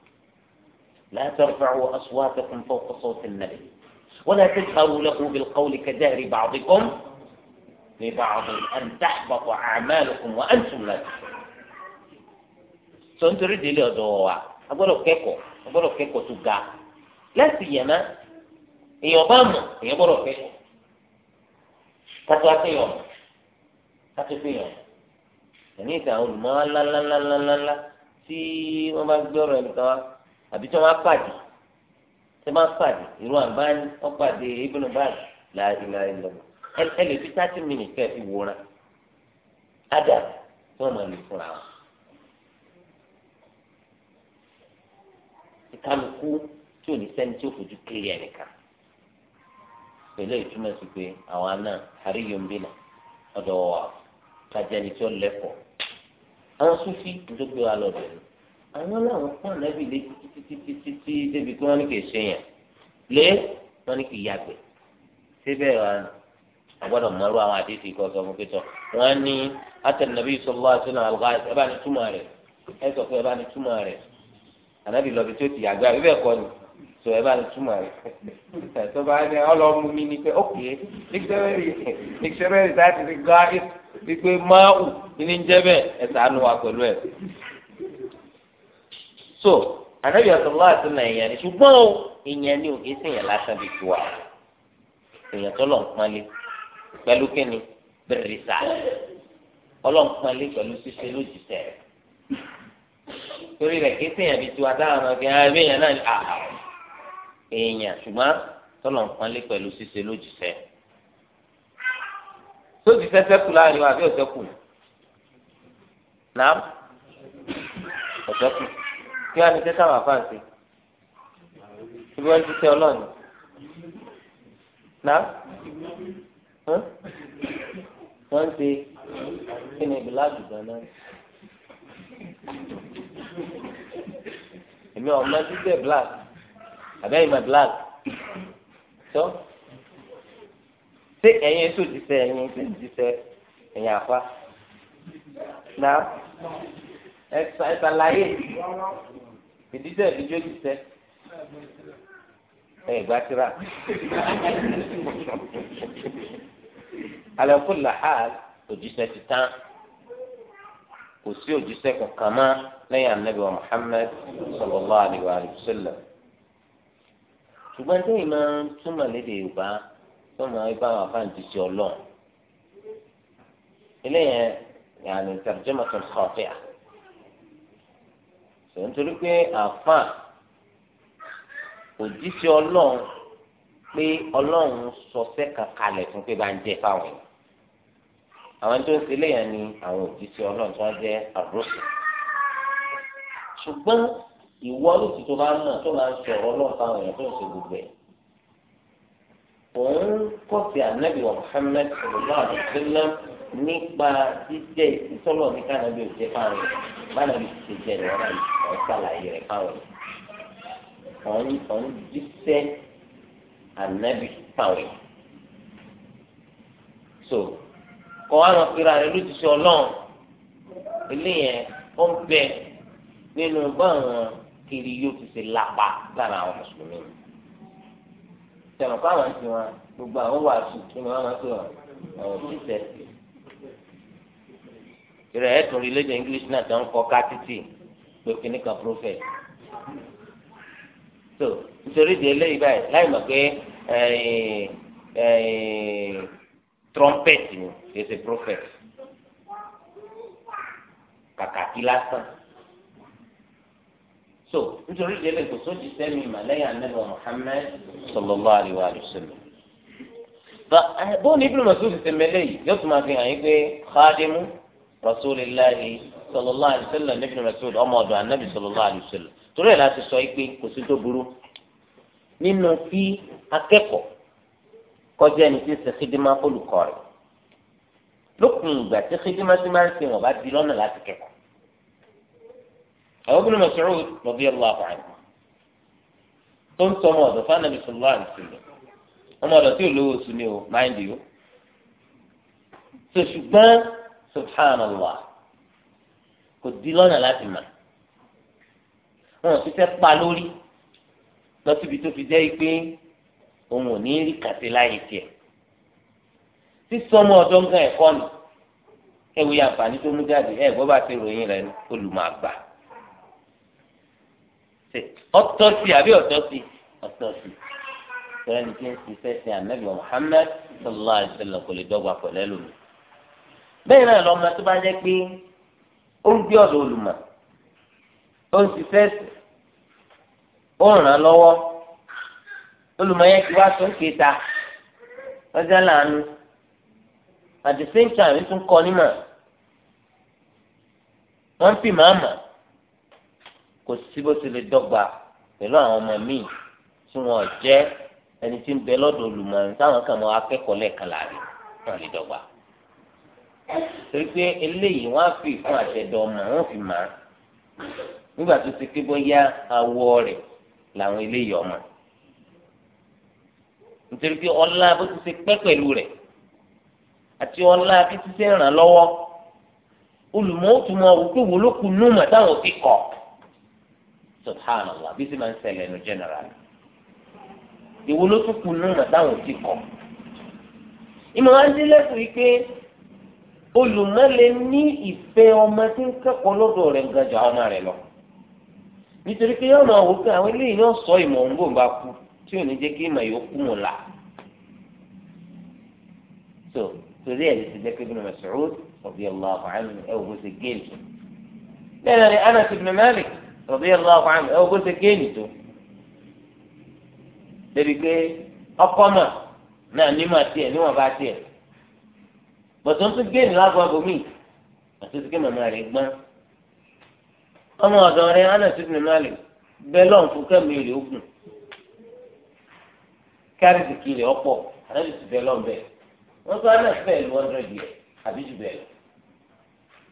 لا ترفعوا أصواتكم فوق صوت النبي ولا تجهروا له بالقول كجهر بعضكم لبعض أن تحبط أعمالكم وأنتم لا تشعرون. سنتريد إلى agbọ́dọ̀ kẹ́kọ̀ọ́ agbọ́dọ̀ kẹ́kọ̀ọ́ tó ga lẹ́sìn yẹn náà èèyàn bá mọ̀ èèyàn gbọ́dọ̀ kẹ́kọ̀ọ́ kátó akéèyàn mọ̀ kátó akéèyàn mọ̀ ẹ̀ní ìtàn olùmọ̀ ńláńláńláńláńlá tí wọ́n bá gbé ọ̀rọ̀ ẹnìkan wá àbí tí wọ́n bá pàdé tí wọ́n bá pàdé irú àbáni wọ́n pàdé ibùdó báàgì là ìlà ìlọ̀mọ̀ ẹ lè fi thirty minutes kẹ́ ẹ fi wòran ádà tí wọ́n mọ̀ lè fúnra wọn. kálukú tí ò ní sẹ́ni tí ó fojú kiri ẹnìkan pẹ̀lú ìtumọ̀ sí pé àwọn náà àríyànbínà ọ̀dọ̀ wà kájẹni tí ó lẹ́kọ̀ọ́ àwọn sufi tó gbé wa lọ́dọ̀ ẹ̀ àwọn làwọn fún ànábì lé títítítítí débi pé wọ́n ní kì í ṣe yàn lé wọ́n ní kì í yàgbẹ́ síbẹ̀ wà àgbọ̀dọ̀ mọ́rú àwọn àdéhùn ikọ̀ sọ fún pẹ̀tọ́ wọ́n ní àtẹnudàbí sọlá àti náà àlùkò ẹ̀ bá ní túmọ̀ rẹ̀ ẹ̀ sọ pé ẹ̀ bá ní túmọ̀ rẹ̀ ànábì lọ bí tó ti yàgbé àbí bẹ́ẹ̀ kọ́ ni tó ẹ bá ní túmọ̀ rẹ̀ tó bá ní ọlọ́mú mi ni pé ókè dikisẹ́rẹ́rì láti fi gá wípé máàwù ní jẹ́ bẹ́ẹ̀ ẹ ṣàánú wa pẹ̀lú ẹ̀. so ànábì ọ̀sánlá àti nà èèyàn ni ṣùgbọ́n o èèyàn ni òkè sí èèyàn lásán bí tiwa èèyàn tó lọ ń pọ́nlé pẹ̀lú kíni bẹ̀rẹ̀ sáà ọlọ́ǹpọ̀nlé pẹ̀lú ṣíṣe lójijì rẹ̀ torí rẹ̀ kí sèèyàn bíi tiwa dáhà náà kí ẹ bẹ́ẹ̀ yẹn náà àhà ah, ah. èèyàn ṣùgbọ́n tọ́lọ̀ ń pọ́nlé pẹ̀lú ṣíṣe lójúṣẹ́ sóòtú sẹ́sẹ́ kù láàrin wa àbí ọ̀sẹ̀ kù nàám ọ̀sẹ̀ kù kí wàá ní sẹ́sẹ́ àwọn àfáàsì ibi wọn ti sẹ́ ọlọ́ọ̀ni nàám wọ́n ń ṣe kí ni ìbílá àdùgbò náà. èmi ọmọ jíjẹ black àbẹ́yìn mọ black tó ṣé ẹ̀yin ètò jíṣẹ́ ẹ̀yin ètò jíṣẹ́ ẹ̀yin àfa náà ẹ ṣàlàyé ìdíjẹ́ ìdíjọ́ jíṣẹ́ ẹ gba tira alẹ́ kó làhálà òjíṣẹ́ ti tán kò sí òjíṣẹ́ kankan mọ́ lẹ́yìn anabi wa muhammed sallallahu alayhi wa sallam ṣùgbọ́n tẹ́yìn máa ń túmọ̀ lédè yorùbá tó máa ń bá wọn fáwọn jíṣẹ́ ọlọ́run eléyẹn yàrá ìtàrjẹ́mọ̀ tó ń kọ́ fẹ́ à nítorí pé àfa òjíṣẹ́ ọlọ́run pé ọlọ́run sọ sẹ́ka kalẹ̀ fún pé bá ń jẹ fáwọn yìí àwọn tó ń sílẹ̀ yẹn ni àwọn òjíṣẹ́ ọlọ́run tó ń jẹ́ àbúrò ṣùgbọ́n ìwọ ló ti tó bá ń mọ̀ tó máa ń sọ̀rọ̀ ọlọ́run fáwọn èèyàn tó ń ṣe gbogbo ẹ̀ òun kọ́ sí ànábì wa Muhammad sallallahu alaihi wasallam nípa jíjẹ́ ìsọ́lọ̀ ní kánábì òjẹ́ fáwọn èèyàn bánábì ti ṣe jẹ́ ìwọ́n náà ọ̀hún ṣàlàyé rẹ̀ fáwọn èèyàn ọ̀hún jíṣẹ́ kọ́ wá lọ fira rẹ lójúṣe ọlọ́run eléyẹn ó ń bẹ nínú báwọn kiri yóò ti ṣe lápá lára àwọn mùsùlùmí tẹnukọ àwọn ti wọn gbogbo àwọn wà sùn kí ni wọn máa tó wọn àwọn òbí tẹsí ìrẹ ẹtùn rí lédè english náà tó ń kọ ká títì pé kíní kan prophet so nítorí di eléyìí báyìí láì mọ̀ pé eh, eh, trumpet ni kìí ṣe prophet kàkàkí lásán so nítorí ìdílé kò sóòjì sẹ́mi ìmàlẹ́yà nẹ́bà Muhammad sallallahu alaihi wa sallam bóun ní Ibn Mas'ud ti mẹ́lẹ̀ yìí yóò tún máa fi hàn yín pé khadimu rasulillahi sallallahu alaihi wa sallam Ibn Mas'ud ọmọ ọ̀dọ̀ anabi sallallahu alaihi wa sallam torí ẹ̀ láti sọ pé kò sí tó burú nínú kí akẹ́kọ̀ọ́ kọjá ẹni tí ń ṣe olùkọ́ rẹ̀ lópin ìgbà tí xidimasi máa ń sìn wọn bá di lọ́nà láti kẹ́kọ̀ọ́ àwọn obìnrin Mas'ud radiyallahu anhu tó ń sọ ọmọ ọ̀dọ̀ fanabi sallallahu alaihi wasallam ọmọ ọ̀dọ̀ tí ò lówó oṣù ni o mind you so ṣùgbọ́n subhanallah kò di lọ́nà láti mà wọn ò fi fẹ́ pa lórí lọ tó fi jẹ́ pé òun ò ní rí kàtí láyé tiẹ̀ sísọmọ ọ̀dọ́ nǹkan ẹ̀kọ́ nù ẹwì àǹfààní tó mú jáde ẹ gbọ́ bá ti ròyìn rẹ̀ olùmọ̀àgbà ọtọ́ sí àbí ọtọ́ sí ọtọ́ sí sẹ́ni tí ń ṣiṣẹ́ sí anabi Muhammad sallallahu alayhi wa sallam kò lè dọ́gba pẹ̀lú ẹlòmí. bẹ́ẹ̀ náà lọ́mọ tó bá jẹ́ pé ó ń gbé ọ̀dọ̀ olùmọ̀ ó ń ṣiṣẹ́ sí ó ń ràn lọ́wọ́ olùmọ̀ yẹn ti wá sókè ta lọ́jà láàánú at the same time ń tún kọ́ nímọ̀ wọ́n ń fi màmá kò sí bó ti lè dọ́gba pẹ̀lú àwọn ọmọ míì tí wọ́n jẹ́ ẹni tí ń bẹ lọ́dọ̀ olùmọ̀ràn táwọn kan mọ akẹ́kọ̀ọ́ lẹ́ẹ̀kan láàrin wọ́n lè dọ́gba torí pé eléyìí wọ́n á fi fún àtẹ̀dọ̀ ọmọ wọn fi mà á nígbà tó ti pé bóyá awọ rẹ̀ làwọn eléyìí ọmọ nítorí pé ọlá bó ti ṣe pẹ́ pẹ̀lú rẹ̀ àti ọlá akitise ràn lọ́wọ́ olùmọ̀ọ́tùmọ̀ òkú wo ló kù nù mà táwọn ti kọ̀ subhanallah bí sì máa ń ṣẹlẹ̀ nù general ìwo ló tún kù nù mà táwọn ti kọ̀ ìmọ̀ wá sí lẹ́sùn yìí pé olùmọ̀lẹ̀ ní ìfẹ́ ọmọ tí ń kẹ́kọ̀ọ́ lọ́dọ̀ rẹ̀ gàjà ọmọ rẹ̀ lọ nítorí pé yọ̀ọ̀nà òkú àwọn eléyìí náà sọ ìmọ̀ òun bò bá kú tí ò ní jẹ́ kí ìmọ̀ yòókù mọ̀ là. torí ẹ̀ lè ti jẹ́ pé Ibn Mas'ud radiyallahu anhu ẹ̀ ṣe géènì tó bẹ́ẹ̀ ni Anas ibn Malik radiyallahu anhu ẹ̀ wò ṣe géènì tó débi pé ọkọ náà náà nímọ̀ tiẹ̀ níwọ̀n bá tiẹ̀ bọ̀tún tún géènì lágbọ́n bomi àti ti rẹ̀ gbọ́n ọmọ ọ̀dọ́ rẹ̀ Anas bẹ́ẹ̀ wọ́n tó alẹ́ fẹ́ lu di years àbí jù bẹ́ẹ̀ lọ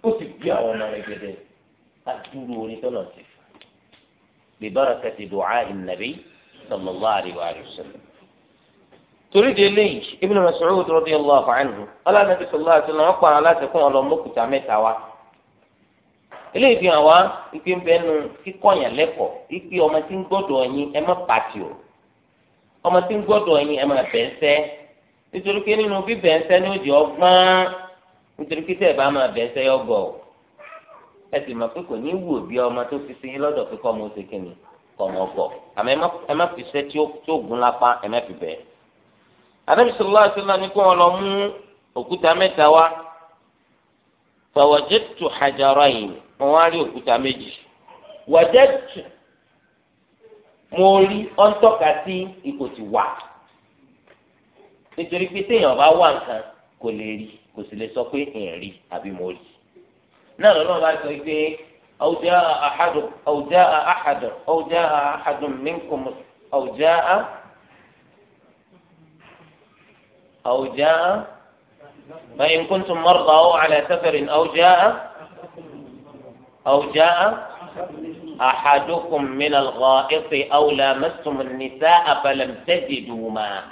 ó ti bí àwọn ọmọ rẹ̀ gẹ́gẹ́ adúrú orin ti fà bíbára kẹsì dùcá ìnàbí àríwá àríwá torí de léyìí Ibn Mas'ud radiyallahu anhu aláàbẹ̀tẹ̀ sọlá àti ọ̀nà wọn pa aláṣẹ fún ọlọmọkùtà mẹ́ta wa eléyìí fi hàn wá ipe ń bẹ nu kíkọ̀yàn lẹ́kọ̀ọ́ ike ọmọ tí ń gbọ́dọ̀ ẹ̀yin má ọmọ nítorí pé nínú bíbẹ̀ ẹsẹ̀ ní òjì ọgbọ́n nítorí pé tẹ̀ bá máa bẹ̀ ẹsẹ̀ yọgọ̀ o ẹ sì mọ̀ pé kò ní wù bí ọmọ tó fi sí lọ́dọ̀ pé kọ́ ọmọ oṣù kìíní kọ́ ọmọ ọgọ̀ àmọ́ ẹ má fi iṣẹ́ tí ó gún lápá ẹ má fi bẹ̀ àdébí sọlá ṣọlá ní kó wọn lọ mú òkúta mẹ́ta wá fawajadtu hajarayn mo wá rí òkúta méjì wajadtu mo rí ọ́ńtọ́ka sí ikò wà. nítorí pé téèyàn bá wà nǹkan kò lè rí kò sì lè sọ pé ẹ̀ rí àbí mo rí náà lọ́nà bá sọ pé أو جاء أحد أو جاء أحد أو جاء أحد منكم أو جاء أو جاء فإن كنتم مرضى أو على سفر أو جاء أو جاء أحدكم من الغائط أو لامستم النساء فلم تجدوا ماءً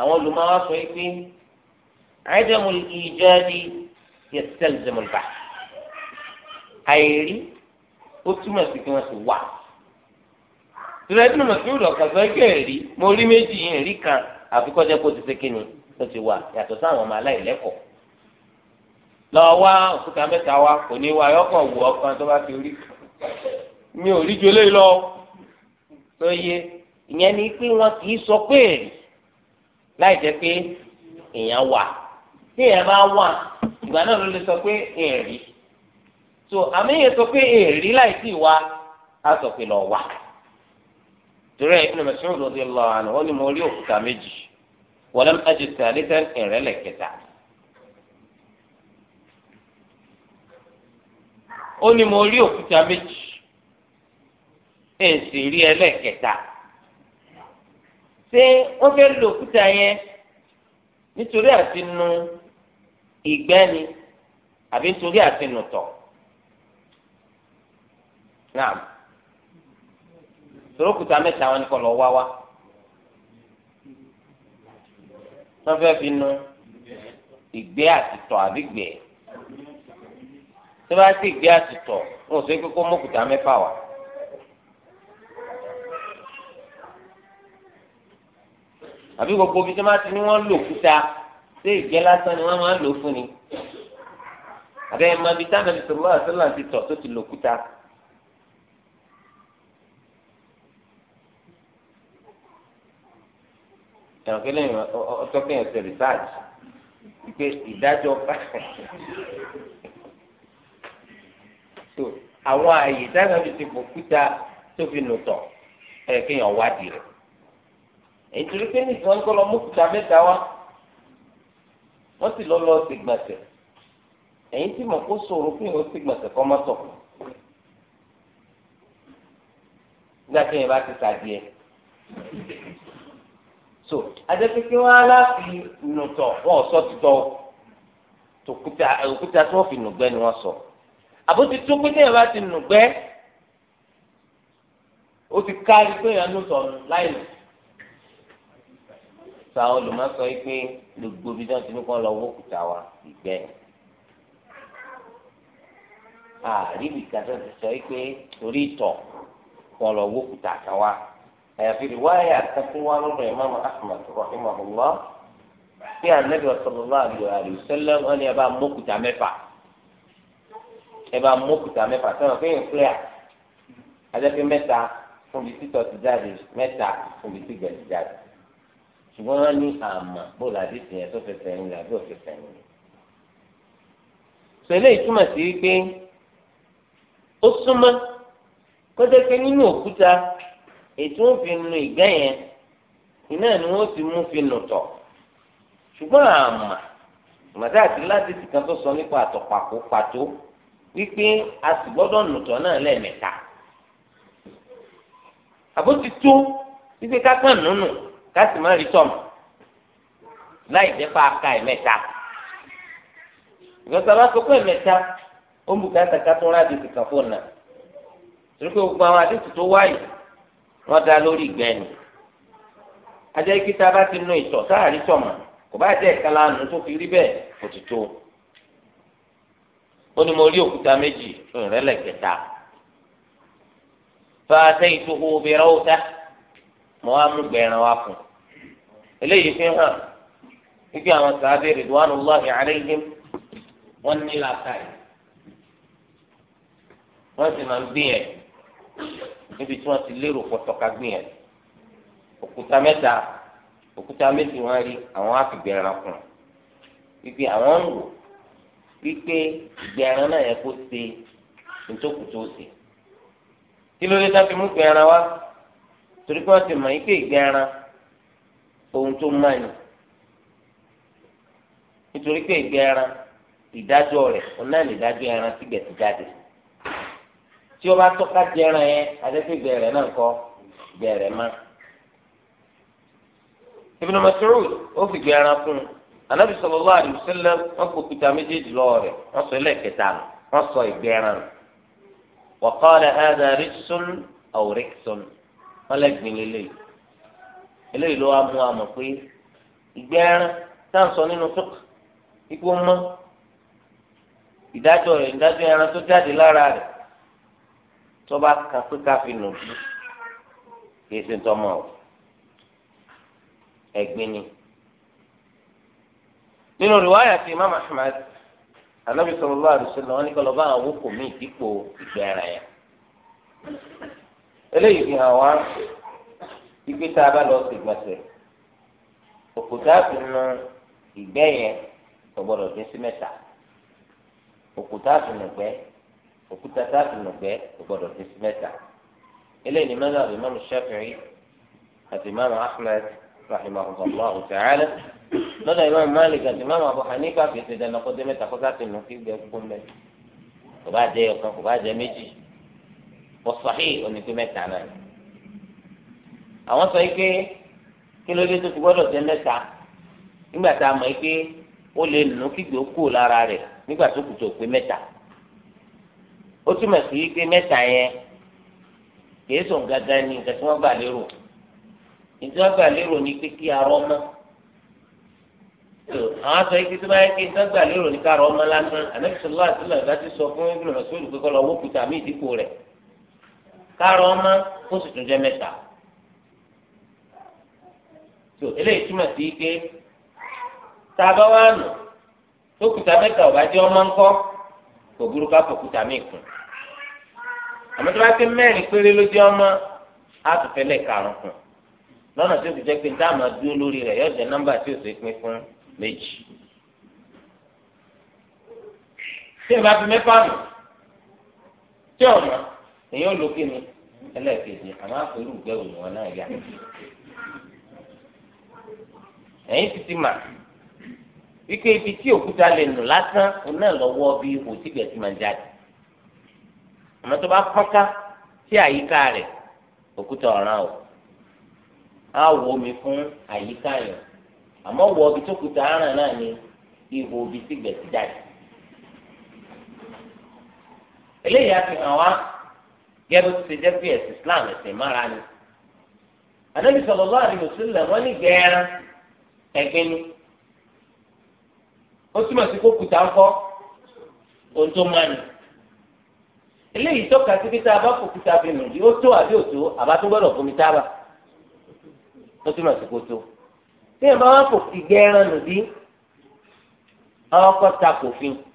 àwọn olùmọ̀wá sọ yìí pé àìdẹ́mu ìjáde yẹtẹ́lẹ̀ mọ̀lùbá àìrí ó túmọ̀ sí kí wọ́n ti wà. ìrẹsì náà fi rọ̀ kàfẹ́ kẹ́ẹ̀rí mo rí méjì yìí rí kan àfikọ́jẹ́ kó ti ṣe kí ni tó ti wà yàtọ̀ sáwọn ọmọ aláìlẹ́kọ̀ọ́ lọ wá òkúta mẹ́ta wá kò ní wá yọkàn wù ọkàn tó bá fi rí mi ò rí jolé lọ tó yẹ ìyẹn ni pé wọn kì í sọ pé èrè láì jẹ́ pé èèyàn wà tí èèyàn bá wà ìgbà náà ló lè sọ pé èèrí so àmì yẹn sọ pé èèrí láì sí wa á sọ pé lọ wà torí ẹ Ibn Mas'ud radiyallahu anhu wọn ni mo rí òkúta méjì wa lam ajid thalithan ìrẹlẹ kẹta. ó ní mo rí òkúta méjì rí ẹlẹ́ẹ̀kẹta ṣé ó fẹ́ lo òkúta yẹn nítorí àti nu ni àbí nítorí ati nu tọ̀ náà sòrókùtà mẹ́ta wọn ni lọ wá wá fi nu ìgbẹ́ àtìtọ̀ àbí gbẹ́ tí wọ́n bá ti wọn ò sọ pé kó wá. àbí gbogbo ibi tí wọ́n ti ní wọ́n lò kúta ṣé ìjẹ́ lásán ni wọ́n máa ń lò fún ni àbẹ́ ẹ̀ máa bí táwọn ẹni sọ̀rọ̀ àṣẹlá ti tọ̀ tó ti lò kúta. ẹ̀rọ̀kẹ́ lẹ́yìn ọtọ́kẹ́ yẹn ṣe rìsáàjì pé ìdájọ́ bá àwọn àyè táwọn ẹni ti bò kúta tó fi lò tọ̀ ẹ̀rọ̀kẹ́ yẹn ọ̀wádìí rẹ̀ ètùrí pé ní ìsìnkú lọ mú kùtà mẹ́ta wá wọ́n sì lọ lọ sí gbàtẹ̀ ẹ̀yìn tí mo kó sòrò fún ìwọ sí gbàtẹ̀ kọ́ má tọ̀ nígbà tí yẹn bá ti sàdíẹ̀ so adékèké wọn aláfi nùtọ̀ wọn ò sọ títọ́ tòkúta òkúta tí wọ́n fi nùgbẹ́ ni wọ́n sọ àbótí tó pété yẹn bá ti nùgbẹ́ ó ti kárí pé yẹn nùtọ̀ láì nù sàwọn olùmọ̀sọ yìí pé gbogbo ibi tí wọ́n ti ní kọ́ lọ wó kùtà wa ìgbẹ́ àríwì kàtà ti sọ yìí pé torí ìtọ̀ kọ́ lọ wó kùtà kan wa àyàfi ìwáyà kankan wà lọ́dọ̀ ìmáàmù ahmed rahimahullah bí anabi sallallahu alaihi wasallam wọn ni ẹ bá mú kùtà mẹ́fà ẹ bá mú kùtà mẹ́fà sọ̀rọ̀ pé ìfúlẹ̀ àjẹpẹ́ mẹ́ta fún bí títọ̀ ti jáde mẹ́ta fún bí ṣùgbọ́n wọ́n ní àmà bó làdí sí yẹn tó fẹsẹ̀ ń lè àbí òfẹsẹ̀ ń lè. sọ̀lẹ́ ìtumọ̀ sí wípé ó súnmọ́ kọjá pé nínú òkúta ètò òfin nu ìgbẹ́ yẹn iná ni wọ́n ti mú fi nù tọ̀ ṣùgbọ́n àmà ìmọ̀tá àti láti ti kan tó sọ nípa àtọ̀pàkó pàtó wípé a sì gbọ́dọ̀ nù tọ̀ náà lẹ́ẹ̀mẹ́ta àbó ti tó wípé ká kàn nùnù kásì má rí tọ̀mù láì jẹ́ pa aka ẹ̀mẹ́ta ìgbésẹ̀ bá sọ́kọ́ ẹ̀mẹ́ta ó ń bu káàtà kátó ńlá di kìkan fún ọ̀nà torí pé gbogbo àwọn àdéhùn tó wáyé wọ́n dá lórí ìgbẹ́ni ajẹ́ kí bá ti nu ìtọ̀ sáàrí tọ̀mọ̀ kò bá jẹ́ ìkan lánàá tó fi rí bẹ́ẹ̀ kò ti tó ó ní mo rí òkúta méjì ìrẹ́lẹ̀ kẹta fàá sẹ́yìn obìnrin ó dá. mo wá mú wa fún eléyìí fi hàn wípé àwọn sàábé ridwanullahi alayhim wọ́n ní làákàyè wọ́n sì máa ń gbìn níbi tí ti lérò pọ̀tọ́ka gbìn yẹn òkúta mẹ́ta òkúta méjì wọ́n rí àwọn àfìgbẹ̀rán kùn wípé àwọn ń wò wípé ìgbẹ̀rán náà yẹ kó ṣe nítòkùtò ṣe kí ló dé tá fi mú torí pé wọ́n ti mọ̀ yín pé ìgbẹ́ ẹran ohun tó mọ̀ ni nítorí pé ìgbẹ́ ẹran ìdájọ́ rẹ̀ òun náà lè dájọ́ ẹran sígbẹ̀ ti jáde tí o bá tọ́ka jẹ ẹran yẹn adẹ́sẹ̀gbẹ̀ rẹ̀ náà kọ́ gbẹ̀ rẹ̀ má. Ibn Mas'ud ó fi gbẹ̀ ẹran fún un anabi sallallahu alaihi wasallam wọn kò kuta méjèèjì lọ́wọ́ rẹ̀ wọ́n sọ ilé kẹta nù wọ́n sọ ìgbẹ́ ẹran nù wa qala hadha rijsun aw riksun wọn lẹ́gbìn lélẹ́yìí eléyìí ló wá mú wa mọ̀ pé ìgbẹ́ ẹran táà ń sọ nínú fúk ikú mọ́ ìdájọ́ rẹ̀ ìdájọ́ ẹran tó jáde lára rẹ̀ tó bá kan pé ká fi nù bí kì í ṣe tọmọ o ẹ̀gbin ni nínú rìwáyà ti Imam Ahmad Ànábì sallallahu alaihi wọn ní kọlọ bá àwọn wọkọ mí dípò ìgbẹ́ ẹran yẹn eléyìí fi hàn wá ibi tá a bá lọ sí gbọ̀nsẹ̀ òkúta fi nu ìgbẹ́ yẹn kò gbọdọ̀ dín sí mẹ́ta òkúta fi nu gbẹ́ òkúta tá a fi nu gbẹ́ kò gbọdọ̀ dín sí mẹ́ta eléyìí ni mẹ́ta àti mọ́mú Shafi'i àti mọ́mú Ahmed rahimahullah ta'ala lọ́dọ̀ ìmọ̀ Malik àti mọ́mú Abu Hanifa fi ṣe dandan kó dín mẹ́ta kó sáà nu kí gbẹ́ kó mẹ́ kò bá jẹ́ ọ̀kan kò bá jẹ́ méjì wọ́sọ̀hí onígbé mẹ́ta náà ni. àwọn sọ pé kí ló dé tó fi gbọ́dọ̀ jẹ́ mẹ́ta nígbà tá a mọ̀ pé ó lè nù kígbe ó kúrò lára rẹ̀ nígbà tó kù tó pé mẹ́ta. ó túmọ̀ sí pé mẹ́ta yẹn kìí sùn gàgà ni nǹkan tí wọ́n gbà lérò nǹkan tí wọ́n gbà lérò ni pé kí arọ́ mọ́ àwọn sọ ike tó bá yẹ kí nǹkan gbà lérò ní ká arọ́ mọ́ lásán ànábìsọ̀lá kárọ ọmọ kó sì tún jẹ mẹ́ta tó eléyìí túmọ̀ sí pé tá a bá wà nù tó kùtà mẹ́ta ọ̀bá jẹ́ ọmọ ńkọ́ kò burú ká fò kùtà mí kù àmọ́ tó bá pé mẹ́rin péré ló jẹ́ ọmọ á tún fẹ́ lẹ̀ karùn kù lọ́nà tó fi jẹ́ pé tá a máa dúró lórí rẹ̀ yóò jẹ́ nọ́mbà tí ò sí pín fún méjì tí ìbá fi mẹ́fà nù tí ọ̀nà èyí ò lókè ni ẹlẹ́ẹ̀kejì àmọ́ àpérò ìgbẹ́wò ni náà yá ẹ̀yìn ti mà ibi tí òkúta lè nù lásán òun náà lọ́wọ́ bí òtígbẹ̀ ti máa jáde àmọ́ tó bá pọ́nká sí àyíká rẹ̀ òkúta ọ̀ràn o á wo omi fún àyíká yẹn àmọ́ wọ ibi tó kúta aràn náà ni ihò ibi jáde eléyìí á fi hàn gẹ́gẹ́ bó ti jẹ́ pé ẹ̀sìn islam ẹ̀sìn mára ni. ànábì sallallahu alaihi wasallam wọ́n ní gẹ́ẹ́rán ẹ̀gbin ni. ó túmọ̀ sí kókùtà ń kọ́ ohun tó máa ní. eléyìí tọ́ka sí kíta bá kókùtà fi nù yóò tó àbí òtó àbá tó gbọ́dọ̀ fún mi tábà. ó túmọ̀ sí kótó. bí ẹ̀ bá wá kò fi gẹ́ẹ́rán nù bí ọkọ̀ ta kò fi hàn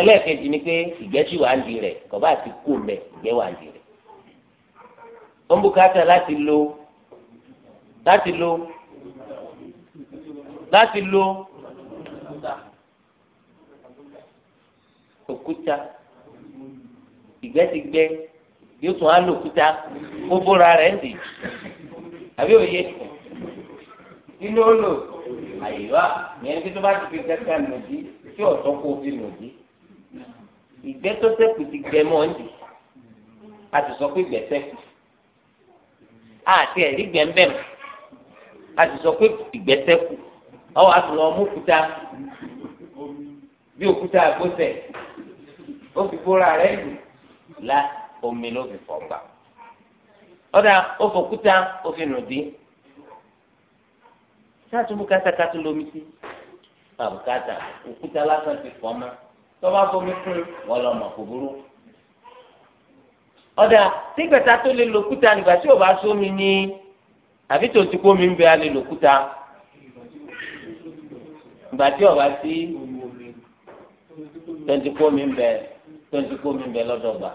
ẹlẹ́ẹ̀kejì ni pé ìgbẹ́jì wà ń di rẹ̀ kọ̀bá àti kú mẹ́ ìgbẹ́ wà ń di rẹ̀ ó ń bùkátà láti lo láti lo láti lo òkúta ìgbẹ́ ti gbẹ́ yóò tún á lo òkúta kó bóra rẹ̀ ń dì àbí òye inú ó lò àyè wa ìyẹn tí tó bá ti fi kẹ́kẹ́ nù jí tí ọ̀tọ́ kó fi nù jí ìgbẹ́ tó sẹ́kù ti gbẹ mọ́ ń dì a ti sọ pé ìgbẹ́ sẹ́kù àti ẹ̀rí gbẹ ń bẹ̀ mọ́ a ti sọ pé ìgbẹ́ sẹ́kù ọwọ́ a ti lọ mú òkúta bí òkúta àgbọ̀sẹ̀ ó fi bóra rẹ̀ lù la omi ló fi fọ̀ gbà ọ̀dà ó fòkúta ó fi nù dín sáà tún bùkátà ká tún lómi sí àbùkátà òkúta lásán ti fọ́ mọ́ tọ́ba fomi kún wọ́n lọ mọ̀ kò burú. ọ̀dà nígbàtà tó lè lo kúta nígbà tí ò bá sómi ní àbí tó ti kó mi ń bẹ alẹ́ lo kúta nígbà tí ò bá sí tó ti kó mi ń bẹ tó ti kó mi ń bẹ lọ́dọ̀gbà.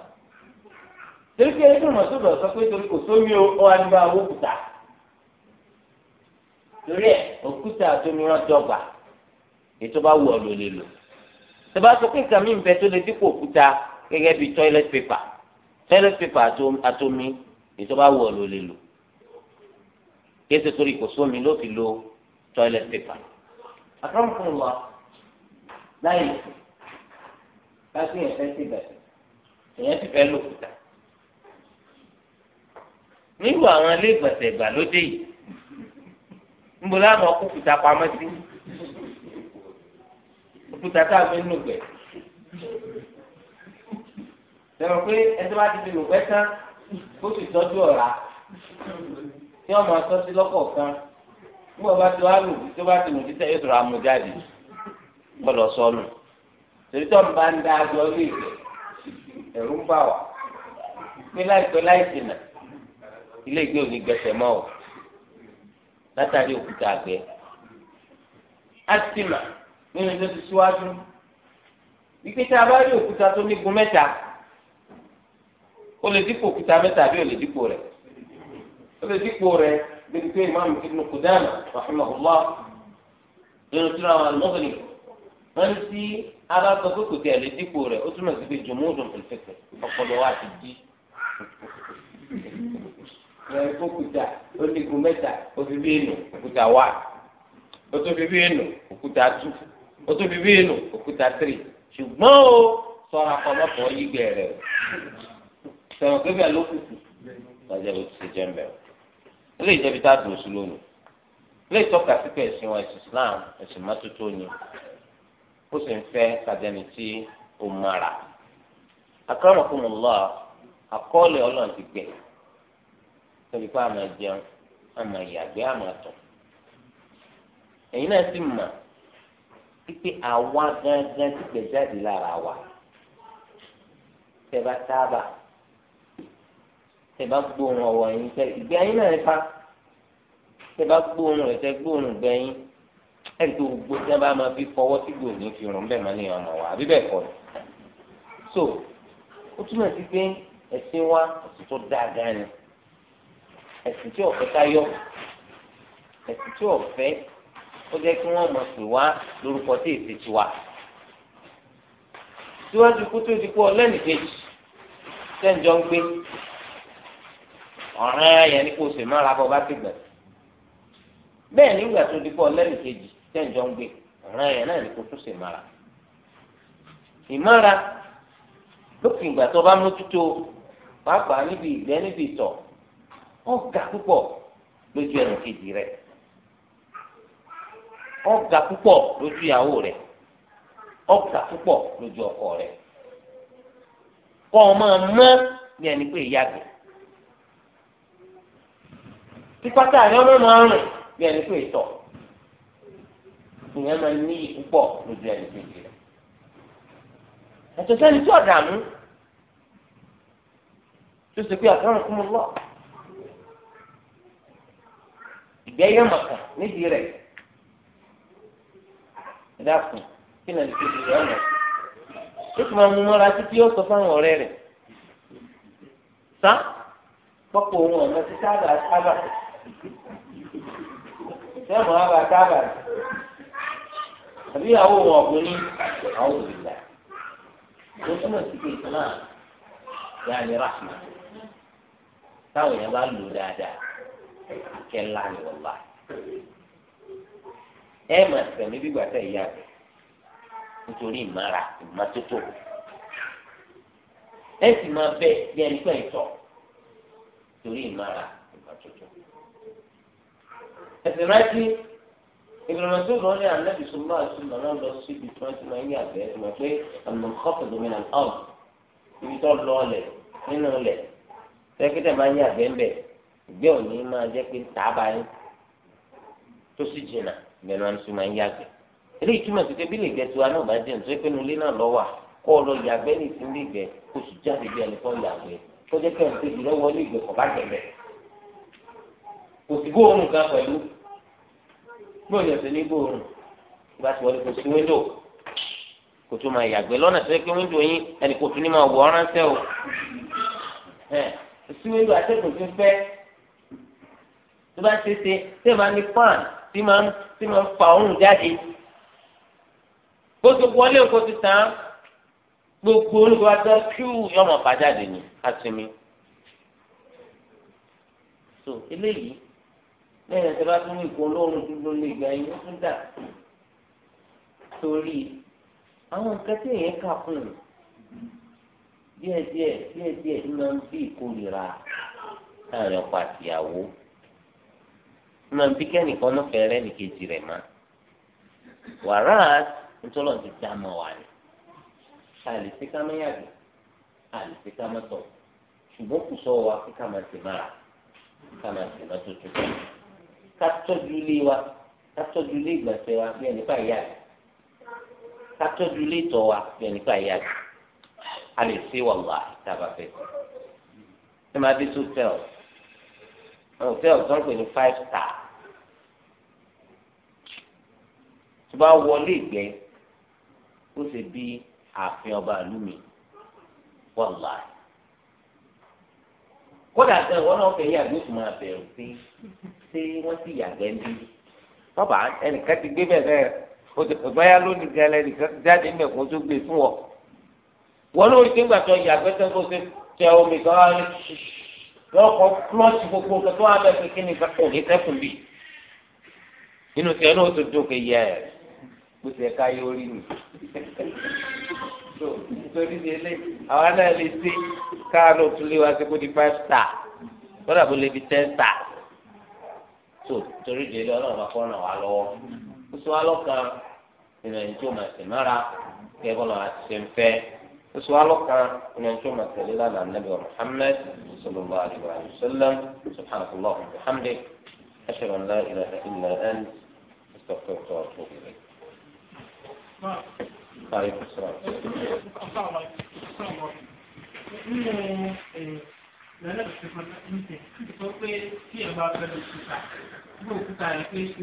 torí pé ẹgbẹ́ ìmọ̀ sọ̀rọ̀ sọ pé torí kò sómi ó wá nígbà owó kúta torí ẹ̀ òkúta tó mi rán dọ́gba ètò bá wù ọ́ lò lè lò tẹ́bá sọ pé nǹkan mi ń bẹ tó lè dípò òkúta gẹ́gẹ́ bíi toilet paper toilet paper àtomi ìjọba wọ̀ ló lè lò kí ẹsẹ̀ torí kò sómi ló fi lo toilet paper. àtàwọn fún wa láyé láti ẹ̀fẹ́ sí bẹ̀rẹ̀ èèyàn ti fẹ́ lòkúta nílùú àwọn ilé ìgbọ̀nsẹ̀ ìgbàlódé yìí ń bọ̀ láwọn ọkùnkùn ta pamọ́ sí òkúta tá a gbé nínú gbẹ sọ pé ẹtọ́ bá ti fi lò pẹ́ tán kó sì tọ́jú ọ̀rá tí wọ́n máa sọ sí lọ́kọ̀ọ̀kan nígbà bá ti wá lò tó bá ti lò títẹ̀ yóò tọrọ amú jáde gbọ́dọ̀ sọnù torí tó ń bá ń dá aṣọ ilé ìgbẹ́ ẹ̀rú ń bà wá pé láìpẹ́ láìsìnà ilé ìgbẹ́ òní gbẹ̀sẹ̀ mọ́ ọ látàrí òkúta àgbẹ̀ á sì mà nínú tó ti síwájú wípé tá a bá rí òkúta tó nígun mẹ́ta ó lè dípò òkúta mẹ́ta àbí ó lè dípò rẹ̀ ó lè dípò rẹ̀ bíi pé ìmáàmù Ibn Qudama rahimahullah nínú tí wọn àwọn mọ́tò nìkan wọ́n ní sí alákọ̀ pé kò tẹ̀ lé dípò rẹ̀ ó túmọ̀ sí pé jòmóòdùn ìfẹsẹ̀ ọpọlọ wa ti di ẹ kókúta ó nígun mẹ́ta ó fi bí ènù òkúta wà ó tó fi bí ènù òkúta tù o tún fi bí inú òkúta tírì ṣùgbọ́n o sọ̀rọ̀ àkọlọ́pọ̀ yígbẹ́ rẹ̀ o sọ̀rọ̀ pé bẹ́ẹ̀ ló kù kù lọ́jọ́ bó ti ṣe jẹ́ mbẹ́ o ilé ìjẹ́bi tá a dùn sí lónìí ilé ìtọ́ka sí pé ẹ̀sìn wa ẹ̀sìn Islam ẹ̀sìn mọ́tótó ni ó sì ń fẹ́ kàdẹ́ni tí ó mara akọ́nàkùnmọ́lá àkọọ́lẹ̀ ọlọ́run ti gbẹ̀ tóbi pé àmọ̀ jẹun àmọ̀ ìyàgbẹ́ àmọ̀ àtọ̀ èyí náà sì mà pípé àwa gángan ti gbẹ̀ jáde lára wa tẹ́ bá sábà tẹ́ bá gbóòórùn ọwọ́ yín tẹ́ ìgbé ayé náà nípa tẹ́ bá gbóòórùn rẹ̀ tẹ́ gbóòórùn gbẹ̀yìn ẹni tó gbogbo tí wọ́n bá máa fi fọwọ́ sí gbòòní fi rùn bẹ́ẹ̀ máa ní ọmọ wa àbí bẹ́ẹ̀ kọ́ ni so ó túmọ̀ sí pé ẹ̀sìn wa ọ̀sùn tó dáa gan ni ẹ̀sìn tí ọ̀fẹ́ ká yọ ẹ̀sìn tí ọ̀fẹ́ ó jẹ́ kí wọ́n mọ̀ pé wá lórúkọ tí èsì ti wà. síwájú kú tó ti kú ọlẹ́nì kejì sẹ́ńjọ́ ń gbé ọ̀ràn ayẹ̀ ní kò sì mára bọ́ bá ti gbẹ̀. bẹ́ẹ̀ nígbà tó ti kú ọlẹ́nì kejì sẹ́ńjọ́ ń gbé ọ̀ràn ayẹ̀ náà ní kò tún sì mára. ìmára lókè ìgbà tó bá mójútó pàápàá níbi ìgbẹ́ níbi ìtọ̀ ọ̀gá púpọ̀ lójú ẹnì kejì rẹ̀ ọ̀gá púpọ̀ lójú ìyàwó rẹ̀ ọ̀gá púpọ̀ lójú ọkọ rẹ̀ kọ́ ọ máa mọ́ ní ẹni pé ìyá gbẹ̀. pípátá rẹ̀ ọmọ máa rìn ní ẹni pé ìtọ̀ ìyẹn máa ní púpọ̀ lójú ẹni pé ìjìnlẹ̀. ẹ̀tọ́ sẹ́ni tí ọ̀dà mú tó ṣe pé àtọ́rùn fún mi lọ. ìgbẹ́ yẹn mọ̀kàn nídìí rẹ̀ dákun kí nàá ti di ọ̀nà ó sì máa mú mọ́ra títí ó sọ fáwọn ọ̀rẹ́ rẹ̀ sá pọ́pọ̀ ohun ọ̀nà tí sábà sábà sẹ́mu àbá sábà àbí àwọn ohun ọ̀gbìn ní àwọn òbílà ó túmọ̀ sí pé ìsìnà yàrá rahma táwọn èèyàn bá lò dáadáa akẹ́lá ni wọ́n bá ẹ máa tẹ̀mí gbígbà tẹ̀ ìyá rẹ̀ nítorí ìmára ìmọ́tótó ẹ sì máa bẹ bí ẹni pẹ́ ìtọ̀ torí ìmára ìmọ́tótó. ẹ̀sìn rántí ìgbìmọ̀ tó lọ ní anábì sọ́mọ́ àtúnmọ̀ náà lọ síbi tí wọ́n ti máa ń yà bẹ́ẹ̀ tó máa pé àmì kọ́pù domina ọ̀m ibi tó lọ ọlẹ̀ nínú ọlẹ̀ sẹ́kítẹ̀ máa ń yà bẹ́ẹ̀ bẹ́ẹ̀ ìgbẹ́ òní máa jẹ́ pé tààbà yín tó sì jìnnà ìbẹ̀ ló ń sún máa ń yàgbẹ́ eléyìí túmọ̀ sí pé bí lè gbẹ tiwa náà bá jẹun tó yẹ pé nulẹ̀ náà lọ wà kọ́ ọ lọ yàgbẹ́ ní ìsìn lè gbẹ oṣù jáde bí ẹni kọ́ yàgbẹ́ tó jẹ́ pé nǹkan ìdílé wọlé ìgbẹ́ kọ̀ bá tẹ̀lẹ̀ kò sí gbóòórùn kan pẹ̀lú gbóòórùn ọ̀sẹ̀ ní gbóòórùn ìgbà tí wọlé kò sí wíńdò kò tó máa yàgbẹ́ lọ́nà tó yẹ pé wíńdò yín ẹnì kò tún ní máa wọ ọ́ránṣẹ́ o sí wíńdò tí máa ń tí máa ń fa òun jáde bó ti wọlé nǹkó ti tàn gbogbo olùwàdàn kíw yọmọ bàjáde ni àtìmí so eléyìí lẹ́yìn tí a bá tún ní ìkó olóòórùn dúró lè gba ẹyin ó tún dà torí àwọn nǹkan tí èèyàn kà fún un díẹ̀díẹ̀ díẹ̀díẹ̀ ló máa ń bí ìkórìíra láàrin ọkọ àtìyàwó nínú àbí kẹ́nìkan náà fẹ́ rẹ́ nìkejì rẹ̀ má wàrà ntọ́lọ́ ti dá mọ́ wa ni àlèsí ká má yàgbé àlèsí ká má tọ̀ ṣùgbọ́n kò sọ wa kí ká má ti mára ká má ti má tó tuntun ká tọ́jú ilé wa ká tọ́jú ilé ìgbọ̀nsẹ̀ wa bí ẹnìkan yàgbé ká tọ́jú ilé ìtọ̀ wa bí ẹnìkan yàgbé àlèsí wàlúwà tábà fẹ́ ẹ máa dé tó tẹ̀ ọ́ hotel tó ń pè five star tó bá wọlé ìgbẹ́ ó ṣe bí ààfin ọba ìlú mi wàlá kódà gan ìwọ náà fẹ́ yàgbé tó máa bẹ̀rù pé ṣé wọ́n ti yàgbẹ́ ń bí bàbá ẹnìkan ti gbé bẹ́ẹ̀ bẹ́ẹ̀ o ti pẹ̀lú ayá lónìí gan ẹnìkan ti jáde ń bẹ̀ kó tó gbé fún ọ wọ́n ló rí kéńgbà tó yàgbẹ́ tó ṣe tẹ omi kan á rí lọ́kọ̀ klọ́ọ̀tì gbogbo nǹkan tó wà bẹ́ẹ̀ pé kí ni ìfẹ́ kò ní sẹ́kùn bì nínú tiẹ̀ náà tó dùn kéye ẹ̀ bó ti ẹ̀ka yóò rí mi. so nítorí ti ẹlẹ́ àwa náà lè ṣe káàánú tún lé wa sí kó di five star kódà bó lè di ten star. so torí ti ẹlẹ́ ọlọ́run bá kọ́ ràn wá lọ́wọ́ ó sọ wá lọ́kàn ìrìn tí ó máa sì mára kẹ́ bọ́lá àti ṣe ń fẹ́ ó sọ wá lọ́kàn ìrìn tí ó máa tẹ̀lé lánàá nàbí wa Muhammad sallallahu alayhi wa sallam subhanahu wa ta'ala alhamdulilayi ashhadu an la ilaha illa anta astaghfiruka wa atubu ilayk Àìkú sọ̀rọ̀. Nínú lẹ́lẹ́bẹ̀ẹ́ kan ní ìtẹ̀, sọ pé kí ẹ̀ bá fẹ́ lè ṣùkà, gbọ́ òkúta rẹ̀ pé ṣe